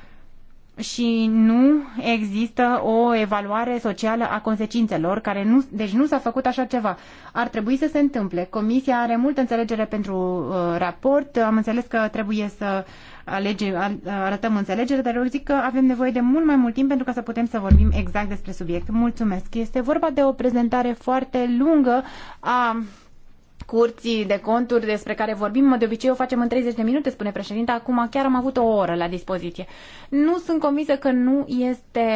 și nu există o evaluare socială a consecințelor, care nu, deci nu s-a făcut așa ceva. Ar trebui să se întâmple. Comisia are multă înțelegere pentru uh, raport, am înțeles că trebuie să alege, arătăm înțelegere, dar eu zic că avem nevoie de mult mai mult timp pentru ca să putem să vorbim exact despre subiect. Mulțumesc! Este vorba de o prezentare foarte lungă a curții de conturi despre care vorbim, de obicei o facem în 30 de minute, spune președinte, acum chiar am avut o oră la dispoziție. Nu sunt convinsă că nu este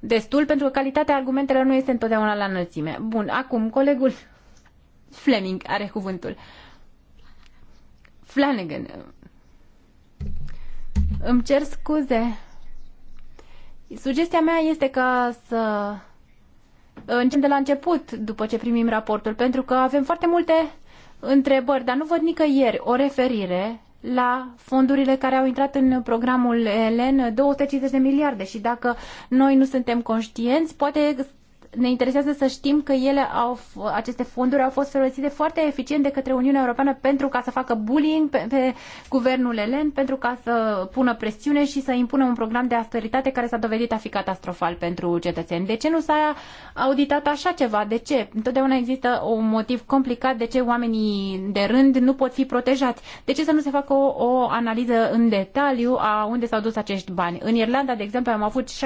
destul, pentru că calitatea argumentelor nu este întotdeauna la înălțime. Bun, acum colegul Fleming are cuvântul. Flanagan. Îmi cer scuze. Sugestia mea este ca să Încem de la început, după ce primim raportul, pentru că avem foarte multe întrebări, dar nu văd nicăieri o referire la fondurile care au intrat în programul ELEN, 250 de miliarde și dacă noi nu suntem conștienți, poate ne interesează să știm că ele au, aceste fonduri au fost folosite foarte eficient de către Uniunea Europeană pentru ca să facă bullying pe, pe guvernul elen, pentru ca să pună presiune și să impună un program de austeritate care s-a dovedit a fi catastrofal pentru cetățeni. De ce nu s-a auditat așa ceva? De ce? Întotdeauna există un motiv complicat de ce oamenii de rând nu pot fi protejați. De ce să nu se facă o, o analiză în detaliu a unde s-au dus acești bani? În Irlanda, de exemplu, am avut 67,5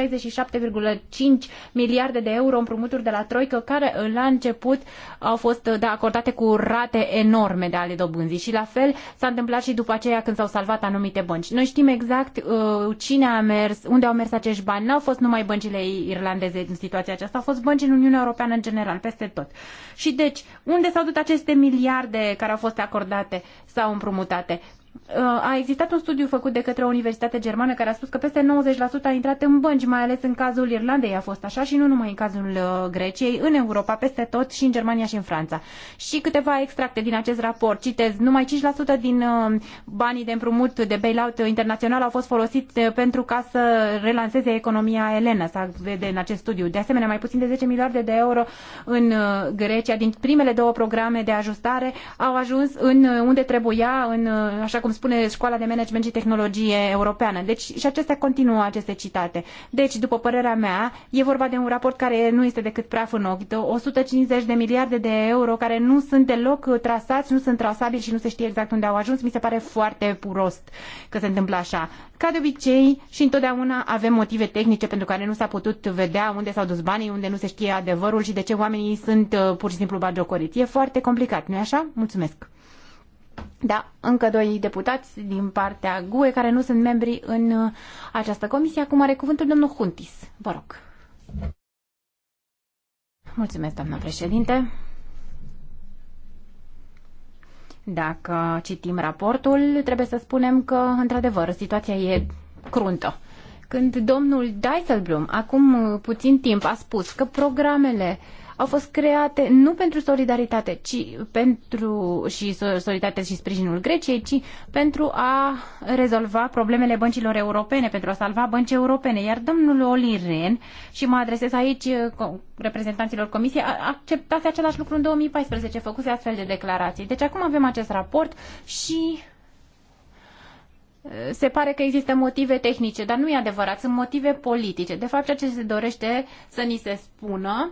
miliarde de euro în împrumuturi de la Troică care uh, la început au fost uh, da, acordate cu rate enorme de ale dobânzii și la fel s-a întâmplat și după aceea când s-au salvat anumite bănci. Noi știm exact uh, cine a mers, unde au mers acești bani. N-au fost numai băncile irlandeze în situația aceasta, au fost bănci în Uniunea Europeană în general, peste tot. Și deci, unde s-au dus aceste miliarde care au fost acordate sau împrumutate? a existat un studiu făcut de către o universitate germană care a spus că peste 90% a intrat în bănci, mai ales în cazul Irlandei a fost așa și nu numai în cazul uh, Greciei, în Europa, peste tot și în Germania și în Franța. Și câteva extracte din acest raport, citez, numai 5% din uh, banii de împrumut de bailout internațional au fost folosit uh, pentru ca să relanseze economia elenă, să vede în acest studiu. De asemenea, mai puțin de 10 miliarde de euro în Grecia din primele două programe de ajustare au ajuns în unde trebuia, în așa cum spune Școala de Management și Tehnologie Europeană. Deci, și acestea continuă aceste citate. Deci, după părerea mea, e vorba de un raport care nu este decât praf în ochi, 150 de miliarde de euro care nu sunt deloc trasați, nu sunt trasabili și nu se știe exact unde au ajuns. Mi se pare foarte purost că se întâmplă așa. Ca de obicei și întotdeauna avem motive tehnice pentru care nu s-a putut vedea unde s-au dus banii, unde nu se știe adevărul și de ce oamenii sunt uh, pur și simplu bagiocoriți. E foarte complicat, nu-i așa? Mulțumesc! Da, încă doi deputați din partea GUE care nu sunt membri în uh, această comisie. Acum are cuvântul domnul Huntis. Vă rog. Mulțumesc, doamna președinte. Dacă citim raportul, trebuie să spunem că, într-adevăr, situația e cruntă. Când domnul Dijsselbloem, acum uh, puțin timp, a spus că programele uh, au fost create nu pentru solidaritate ci pentru și solidaritate și sprijinul Greciei, ci pentru a rezolva problemele băncilor europene, pentru a salva bănci europene. Iar domnul Oli Ren, și mă adresez aici uh, reprezentanților comisiei, acceptase același lucru în 2014, făcuse astfel de declarații. Deci acum avem acest raport și uh, se pare că există motive tehnice, dar nu e adevărat, sunt motive politice. De fapt, ceea ce se dorește să ni se spună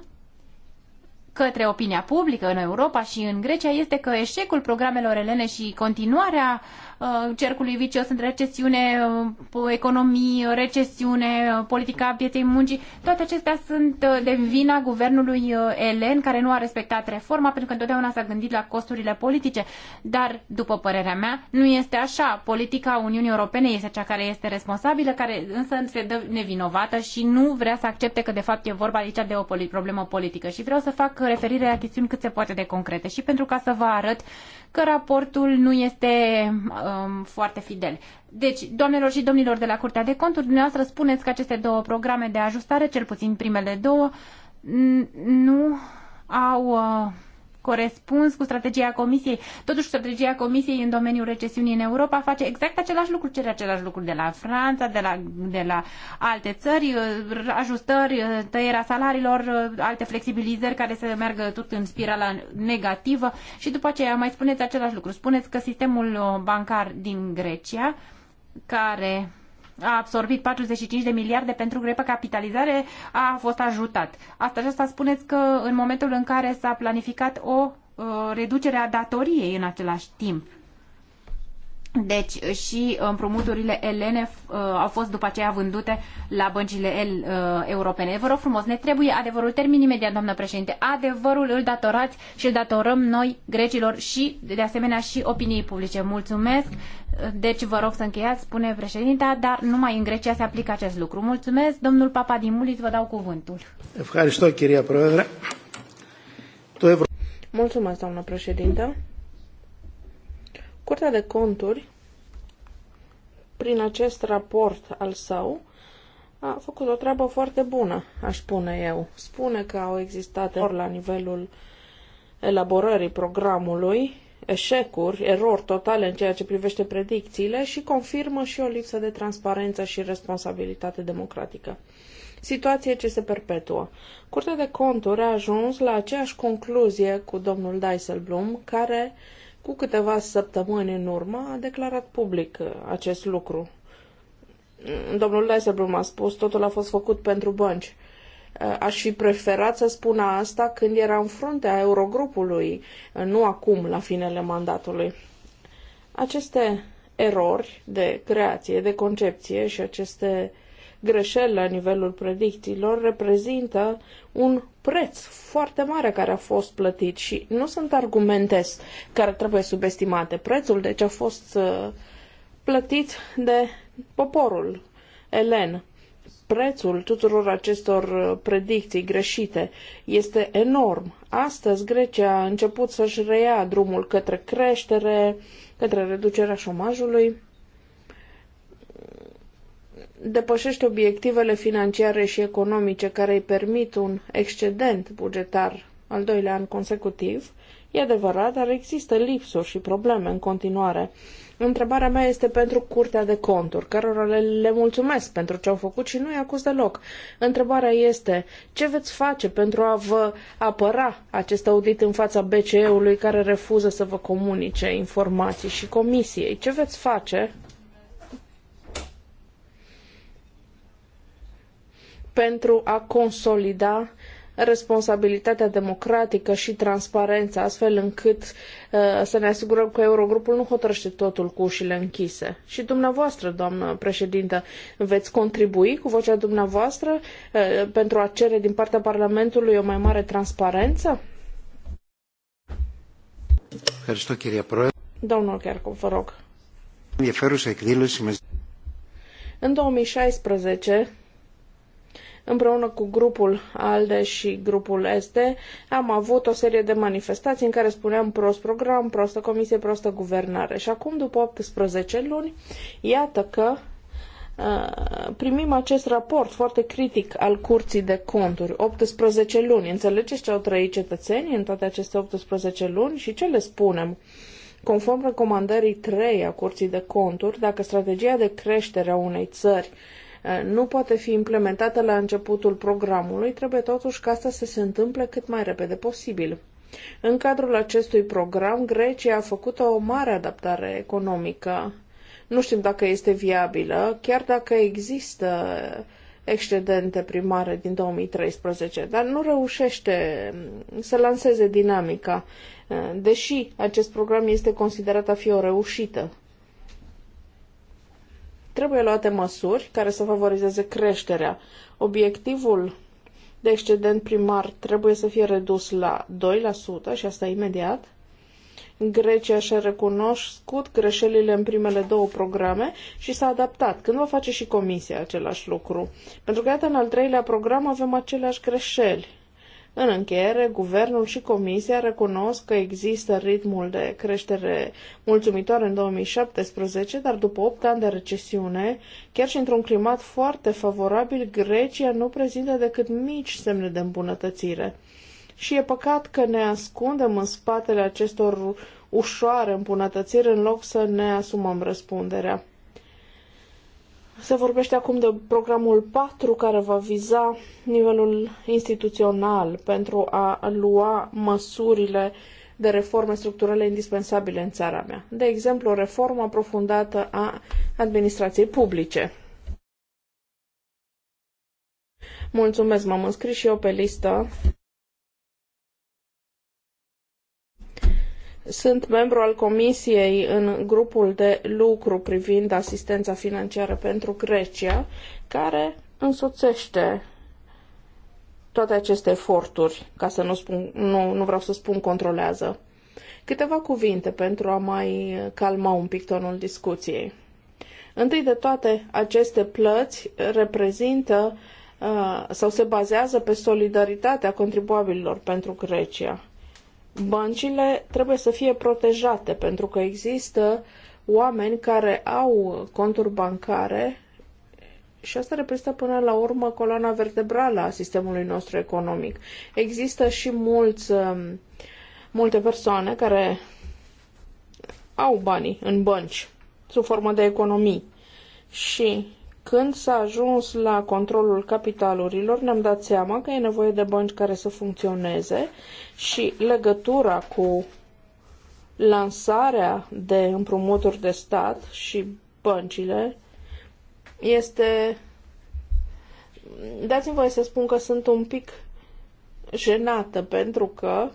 către opinia publică în Europa și în Grecia este că eșecul programelor elene și continuarea Uh, cercului vicios între recesiune, uh, economii, uh, recesiune, politica pieței muncii, toate acestea sunt de vina guvernului elen care nu a respectat reforma pentru că întotdeauna s-a gândit la costurile politice. Dar, după părerea mea, nu este așa. Politica Uniunii Europene este cea care este responsabilă, care însă se dă nevinovată și nu vrea să accepte că de fapt e vorba aici de o problemă politică. Și vreau să fac referire la chestiuni cât se poate de concrete și pentru ca să vă arăt că raportul nu este um, foarte fideli. Deci, doamnelor și domnilor de la Curtea de Conturi, dumneavoastră spuneți că aceste două programe de ajustare, cel puțin primele două, nu au uh, corespuns cu strategia Comisiei. Totuși, strategia Comisiei în domeniul recesiunii în Europa face exact același lucru, cere același lucru de la Franța, de la, de la alte țări, uh, ajustări, uh, tăierea salariilor, uh, alte flexibilizări care se meargă tot în spirala negativă și după aceea mai spuneți același lucru. Spuneți că sistemul bancar din Grecia, care a absorbit 45 de miliarde pentru recapitalizare, a fost ajutat. Asta și spuneți că în momentul în care s-a planificat o uh, reducere a datoriei în același timp. Deci și uh, împrumuturile elene uh, au fost după aceea vândute la băncile el, uh, europene. Vă rog frumos, ne trebuie adevărul. Termin imediat, doamnă președinte. Adevărul îl datorați și îl datorăm noi grecilor și, de asemenea, și opiniei publice. Mulțumesc. Deci vă rog să încheiați, spune președinta, dar numai în Grecia se aplică acest lucru. Mulțumesc, domnul Papadimulis, vă dau cuvântul. Mulțumesc, doamnă președinte. Curtea de conturi, prin acest raport al său, a făcut o treabă foarte bună, aș spune eu. Spune că au existat ori la nivelul elaborării programului, eșecuri, erori totale în ceea ce privește predicțiile și confirmă și o lipsă de transparență și responsabilitate democratică. Situație ce se perpetuă. Curtea de conturi a ajuns la aceeași concluzie cu domnul Dijsselbloem, care uh, cu câteva săptămâni în urmă a declarat public uh, acest lucru. Mm, domnul Leiserblum a spus, totul a fost făcut pentru bănci. Uh, aș fi preferat să spun asta când era în fruntea Eurogrupului, uh, nu acum, la finele mandatului. Aceste erori de creație, de concepție și aceste greșeli la nivelul predicțiilor reprezintă un preț foarte mare care a fost plătit și nu sunt argumente care trebuie subestimate. Prețul deci a fost uh, plătit de poporul elen. Prețul tuturor acestor uh, predicții greșite este enorm. Astăzi Grecia a început să-și reia drumul către creștere, către reducerea șomajului depășește obiectivele financiare și economice care îi permit un excedent bugetar al doilea an consecutiv, e adevărat, dar există lipsuri și probleme în continuare. Întrebarea mea este pentru Curtea de Conturi, cărora le, le mulțumesc pentru ce au făcut și nu-i acuz deloc. Întrebarea este, ce veți face pentru a vă apăra acest audit în fața BCE-ului care refuză să vă comunice informații și comisiei? Ce veți face pentru a consolida responsabilitatea democratică și transparența, astfel încât uh, să ne asigurăm că Eurogrupul nu hotărăște totul cu ușile închise. Și dumneavoastră, doamnă președintă, veți contribui cu vocea dumneavoastră uh, pentru a cere din partea Parlamentului o mai mare transparență? Domnul Chiarcov, vă rog. În 2016, Împreună cu grupul ALDE și grupul SD am avut o serie de manifestații în care spuneam prost program, prostă comisie, prostă guvernare. Și acum, după 18 luni, iată că uh, primim acest raport foarte critic al Curții de Conturi. 18 luni. Înțelegeți ce au trăit cetățenii în toate aceste 18 luni și ce le spunem? Conform recomandării 3 a Curții de Conturi, dacă strategia de creștere a unei țări Eh, nu poate fi implementată la începutul programului, trebuie totuși ca asta să se întâmple cât mai repede posibil. În cadrul acestui program, Grecia a făcut o mare adaptare economică. Nu știm dacă este viabilă, chiar dacă există excedente primare din 2013, dar nu reușește mm, să lanseze dinamica, eh, deși acest program este considerat a fi o reușită. Trebuie luate măsuri care să favorizeze creșterea. Obiectivul de excedent primar trebuie să fie redus la 2% și asta imediat. Grecia și-a recunoscut greșelile în primele două programe și s-a adaptat. Când va face și Comisia același lucru? Pentru că, iată, în al treilea program avem aceleași greșeli. În încheiere, guvernul și comisia recunosc că există ritmul de creștere mulțumitor în 2017, dar după 8 ani de recesiune, chiar și într-un climat foarte favorabil, Grecia nu prezintă decât mici semne de îmbunătățire. Și e păcat că ne ascundem în spatele acestor ușoare îmbunătățiri în loc să ne asumăm răspunderea. Se vorbește acum de programul 4 care va viza nivelul instituțional pentru a lua măsurile de reforme structurale indispensabile în țara mea. De exemplu, o reformă aprofundată a administrației publice. Mulțumesc, m-am înscris și eu pe listă Sunt membru al Comisiei în grupul de lucru privind asistența financiară pentru Grecia, care însoțește toate aceste eforturi, ca să nu, spun, nu, nu vreau să spun controlează. Câteva cuvinte pentru a mai calma un pic tonul discuției. Întâi de toate, aceste plăți reprezintă uh, sau se bazează pe solidaritatea contribuabililor pentru Grecia. Băncile trebuie să fie protejate pentru că există oameni care au conturi bancare și asta reprezintă până la urmă coloana vertebrală a sistemului nostru economic. Există și mulți, um, multe persoane care au banii în bănci sub formă de economii și când s-a ajuns la controlul capitalurilor, ne-am dat seama că e nevoie de bănci care să funcționeze și legătura cu lansarea de împrumuturi de stat și băncile este... Dați-mi voie să spun că sunt un pic jenată pentru că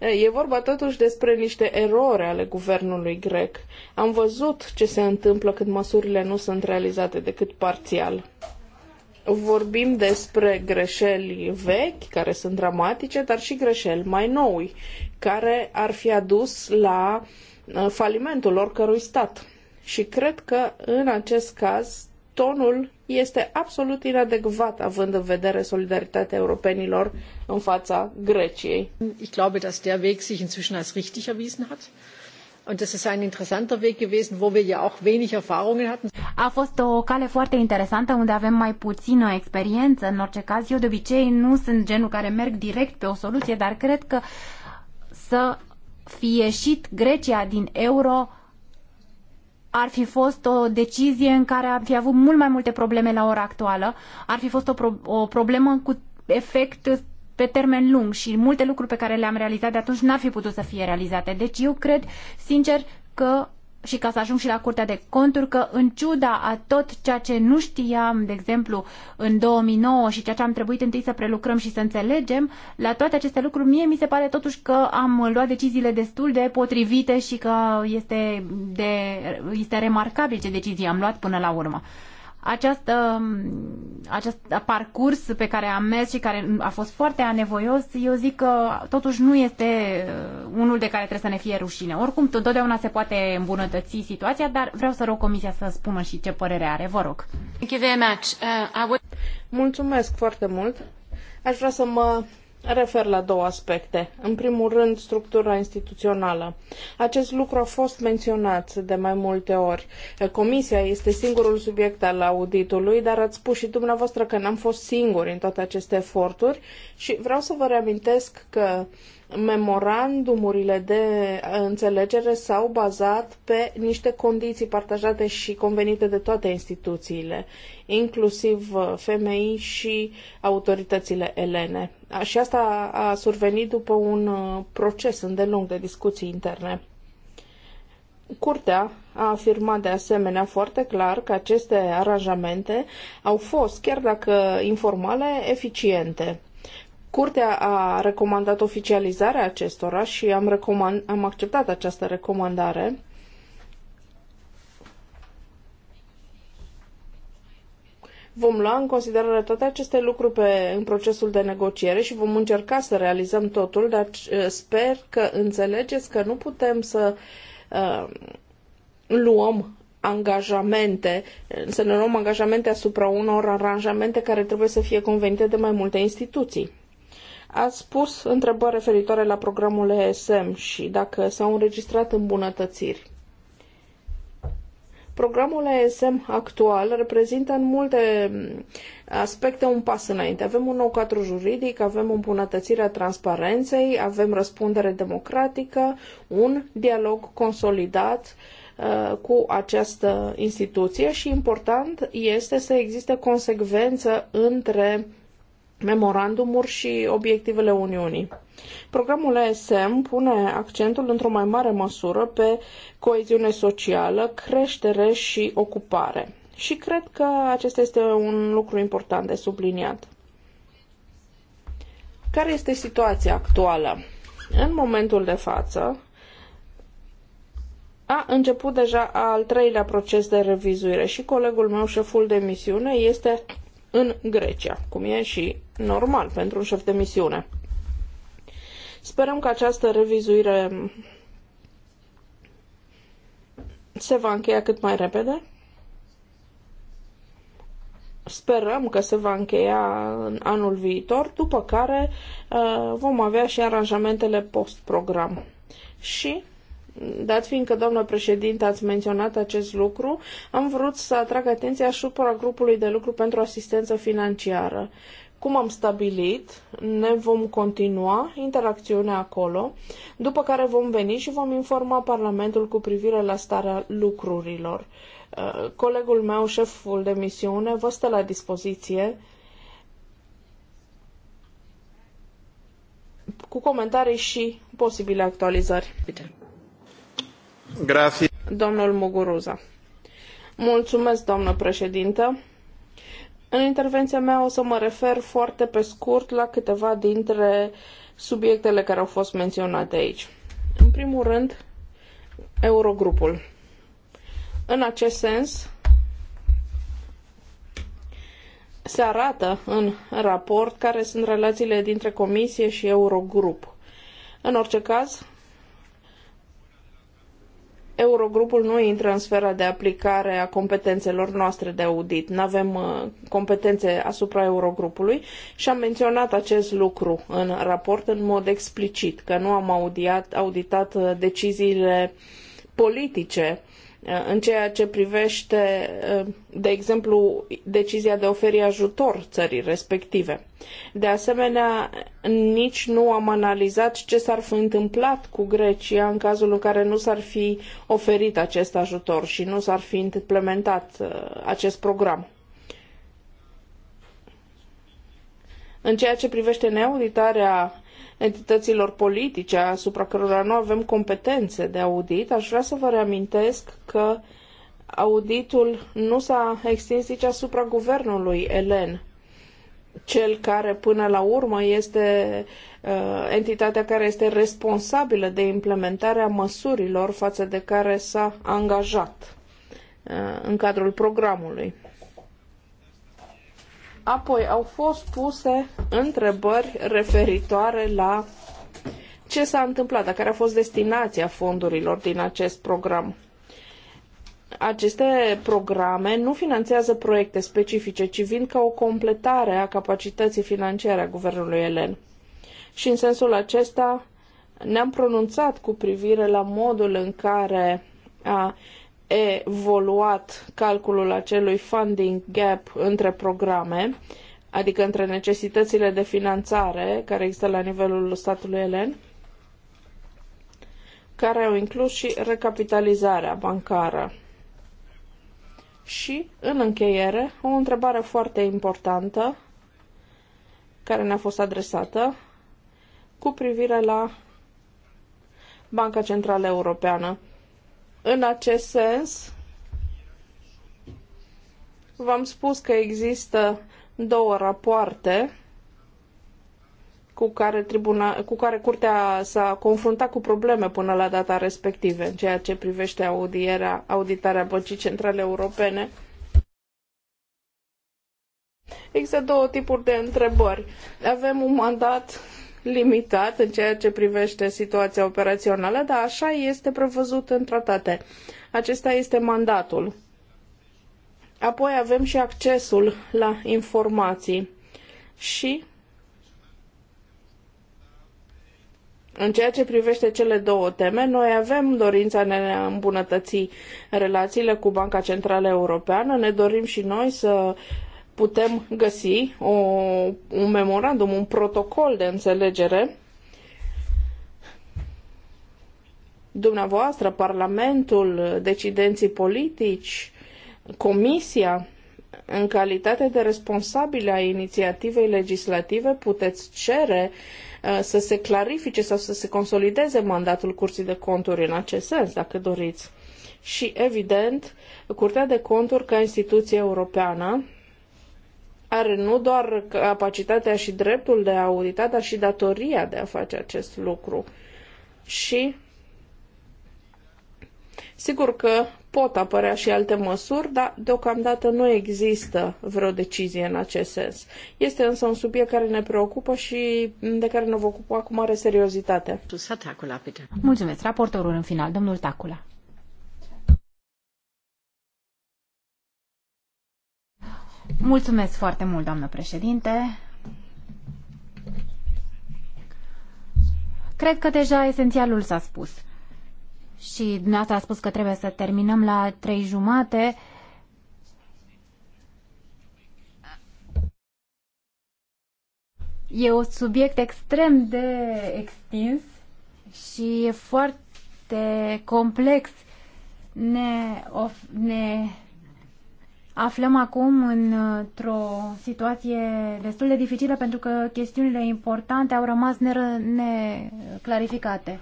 E vorba totuși despre niște erori ale guvernului grec. Am văzut ce se întâmplă când măsurile nu sunt realizate decât parțial. Vorbim despre greșeli vechi, care sunt dramatice, dar și greșeli mai noi, care ar fi adus la uh, falimentul oricărui stat. Și cred că în acest caz tonul este absolut inadecvat având în vedere solidaritatea europenilor în fața Greciei. Ich glaube, dass der Weg sich inzwischen als richtig erwiesen hat. Und das ist ein interessanter Weg gewesen, wo wir ja auch wenig Erfahrungen hatten. A fost o cale foarte interesantă unde avem mai puțină experiență. În orice caz, eu de obicei nu sunt genul care merg direct pe o soluție, dar cred că să fi ieșit Grecia din euro ar fi fost o decizie în care ar fi avut mult mai multe probleme la ora actuală, ar fi fost o, pro- o problemă cu efect pe termen lung și multe lucruri pe care le-am realizat de atunci n-ar fi putut să fie realizate. Deci eu cred, sincer, că și ca să ajung și la Curtea de Conturi că în ciuda a tot ceea ce nu știam, de exemplu, în 2009 și ceea ce am trebuit întâi să prelucrăm și să înțelegem, la toate aceste lucruri mie mi se pare totuși că am luat deciziile destul de potrivite și că este, de, este remarcabil ce decizii am luat până la urmă această, acest parcurs pe care am mers și care a fost foarte anevoios, eu zic că totuși nu este uh, unul de care trebuie să ne fie rușine. Oricum, totdeauna se poate îmbunătăți situația, dar vreau să rog Comisia să spună și ce părere are. Vă rog. Uh, Mulțumesc foarte mult. Aș vrea să mă refer la două aspecte. În primul rând, structura instituțională. Acest lucru a fost menționat de mai multe ori. Comisia este singurul subiect al auditului, dar ați spus și dumneavoastră că n-am fost singuri în toate aceste eforturi și vreau să vă reamintesc că uh, memorandumurile de uh, înțelegere s-au bazat pe niște condiții partajate și convenite de toate instituțiile, inclusiv uh, FMI și autoritățile elene. Și asta a survenit după un uh, proces îndelung de discuții interne. Curtea a afirmat de asemenea foarte clar că aceste aranjamente au fost, chiar dacă informale, eficiente Curtea a recomandat oficializarea acestora și am, recomand, am acceptat această recomandare. Vom lua în considerare toate aceste lucruri pe, în procesul de negociere și vom încerca să realizăm totul, dar uh, sper că înțelegeți că nu putem să uh, luăm angajamente, să ne luăm angajamente asupra unor aranjamente care trebuie să fie convenite de mai multe instituții a pus întrebări referitoare la programul ESM și dacă s-au înregistrat îmbunătățiri. Programul ESM actual reprezintă în multe aspecte un pas înainte. Avem un nou cadru juridic, avem îmbunătățirea transparenței, avem răspundere democratică, un dialog consolidat uh, cu această instituție și important este să existe consecvență între memorandumuri și obiectivele Uniunii. Programul ESM pune accentul într-o mai mare măsură pe coeziune socială, creștere și ocupare. Și cred că acesta este un lucru important de subliniat. Care este situația actuală? În momentul de față, a început deja al treilea proces de revizuire și colegul meu, șeful de misiune, este în Grecia, cum e și normal pentru un șef de misiune. Sperăm că această revizuire se va încheia cât mai repede. Sperăm că se va încheia în anul viitor, după care uh, vom avea și aranjamentele post-program. Și Dat fiindcă, doamnă președinte, ați menționat acest lucru, am vrut să atrag atenția asupra grupului de lucru pentru asistență financiară. Cum am stabilit, ne vom continua interacțiunea acolo, după care vom veni și vom informa Parlamentul cu privire la starea lucrurilor. Uh, colegul meu, șeful de misiune, vă stă la dispoziție cu comentarii și posibile actualizări. Grazie. Domnul Muguruza. Mulțumesc, doamnă președintă. În intervenția mea o să mă refer foarte pe scurt la câteva dintre subiectele care au fost menționate aici. În primul rând, Eurogrupul. În acest sens, se arată în raport care sunt relațiile dintre Comisie și Eurogrup. În orice caz, Eurogrupul nu intră în sfera de aplicare a competențelor noastre de audit. Nu avem uh, competențe asupra Eurogrupului și am menționat acest lucru în raport în mod explicit, că nu am audiat, auditat uh, deciziile politice în ceea ce privește, de exemplu, decizia de a oferi ajutor țării respective. De asemenea, nici nu am analizat ce s-ar fi întâmplat cu Grecia în cazul în care nu s-ar fi oferit acest ajutor și nu s-ar fi implementat uh, acest program. În ceea ce privește neauditarea entităților politice asupra cărora nu avem competențe de audit, aș vrea să vă reamintesc că auditul nu s-a extins nici asupra guvernului elen, cel care până la urmă este uh, entitatea care este responsabilă de implementarea măsurilor față de care s-a angajat uh, în cadrul programului. Apoi au fost puse întrebări referitoare la ce s-a întâmplat, dacă care a fost destinația fondurilor din acest program. Aceste programe nu finanțează proiecte specifice, ci vin ca o completare a capacității financiare a guvernului elen. Și în sensul acesta ne-am pronunțat cu privire la modul în care a evoluat calculul acelui funding gap între programe, adică între necesitățile de finanțare care există la nivelul statului elen, care au inclus și recapitalizarea bancară. Și, în încheiere, o întrebare foarte importantă care ne-a fost adresată cu privire la Banca Centrală Europeană. În acest sens, v-am spus că există două rapoarte cu care, tribuna, cu care curtea s-a confruntat cu probleme până la data respectivă în ceea ce privește audierea, auditarea Băncii Centrale Europene. Există două tipuri de întrebări. Avem un mandat limitat în ceea ce privește situația operațională, dar așa este prevăzut în tratate. Acesta este mandatul. Apoi avem și accesul la informații și În ceea ce privește cele două teme, noi avem dorința de a îmbunătăți relațiile cu Banca Centrală Europeană. Ne dorim și noi să putem găsi o, un memorandum, un protocol de înțelegere. Dumneavoastră, Parlamentul, decidenții politici, Comisia, în calitate de responsabile a inițiativei legislative, puteți cere uh, să se clarifice sau să se consolideze mandatul Curții de Conturi în acest sens, dacă doriți. Și, evident, Curtea de Conturi, ca instituție europeană, are nu doar capacitatea și dreptul de a audita, dar și datoria de a face acest lucru. Și sigur că pot apărea și alte măsuri, dar deocamdată nu există vreo decizie în acest sens. Este însă un subiect care ne preocupă și de care ne vom ocupa cu mare seriozitate. Mulțumesc. Raportorul în final, domnul Tacula. Mulțumesc foarte mult, doamnă președinte. Cred că deja esențialul s-a spus. Și dumneavoastră a spus că trebuie să terminăm la trei jumate. E un subiect extrem de extins și e foarte complex. Ne, of, ne aflăm acum într-o situație destul de dificilă pentru că chestiunile importante au rămas neclarificate.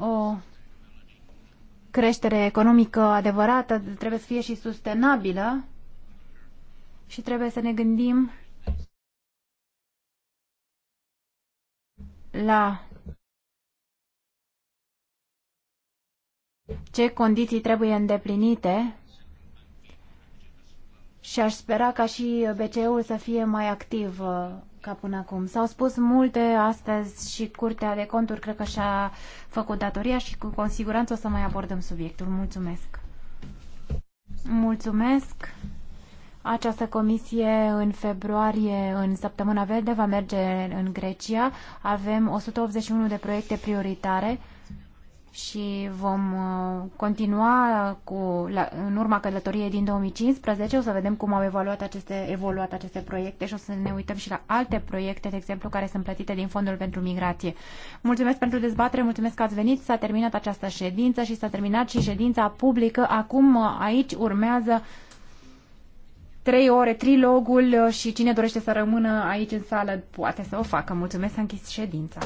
O creștere economică adevărată trebuie să fie și sustenabilă și trebuie să ne gândim la ce condiții trebuie îndeplinite și aș spera ca și BCE-ul să fie mai activ uh, ca până acum. S-au spus multe astăzi și Curtea de Conturi cred că și-a făcut datoria și cu siguranță o să mai abordăm subiectul. Mulțumesc! Mulțumesc! Această comisie în februarie, în săptămâna verde, va merge în Grecia. Avem 181 de proiecte prioritare și vom uh, continua cu, la, în urma călătoriei din 2015. O să vedem cum au evoluat aceste, evoluat aceste proiecte și o să ne uităm și la alte proiecte, de exemplu, care sunt plătite din Fondul pentru Migrație. Mulțumesc pentru dezbatere, mulțumesc că ați venit. S-a terminat această ședință și s-a terminat și ședința publică. Acum uh, aici urmează trei ore trilogul uh, și cine dorește să rămână aici în sală poate să o facă. Mulțumesc, s-a închis ședința.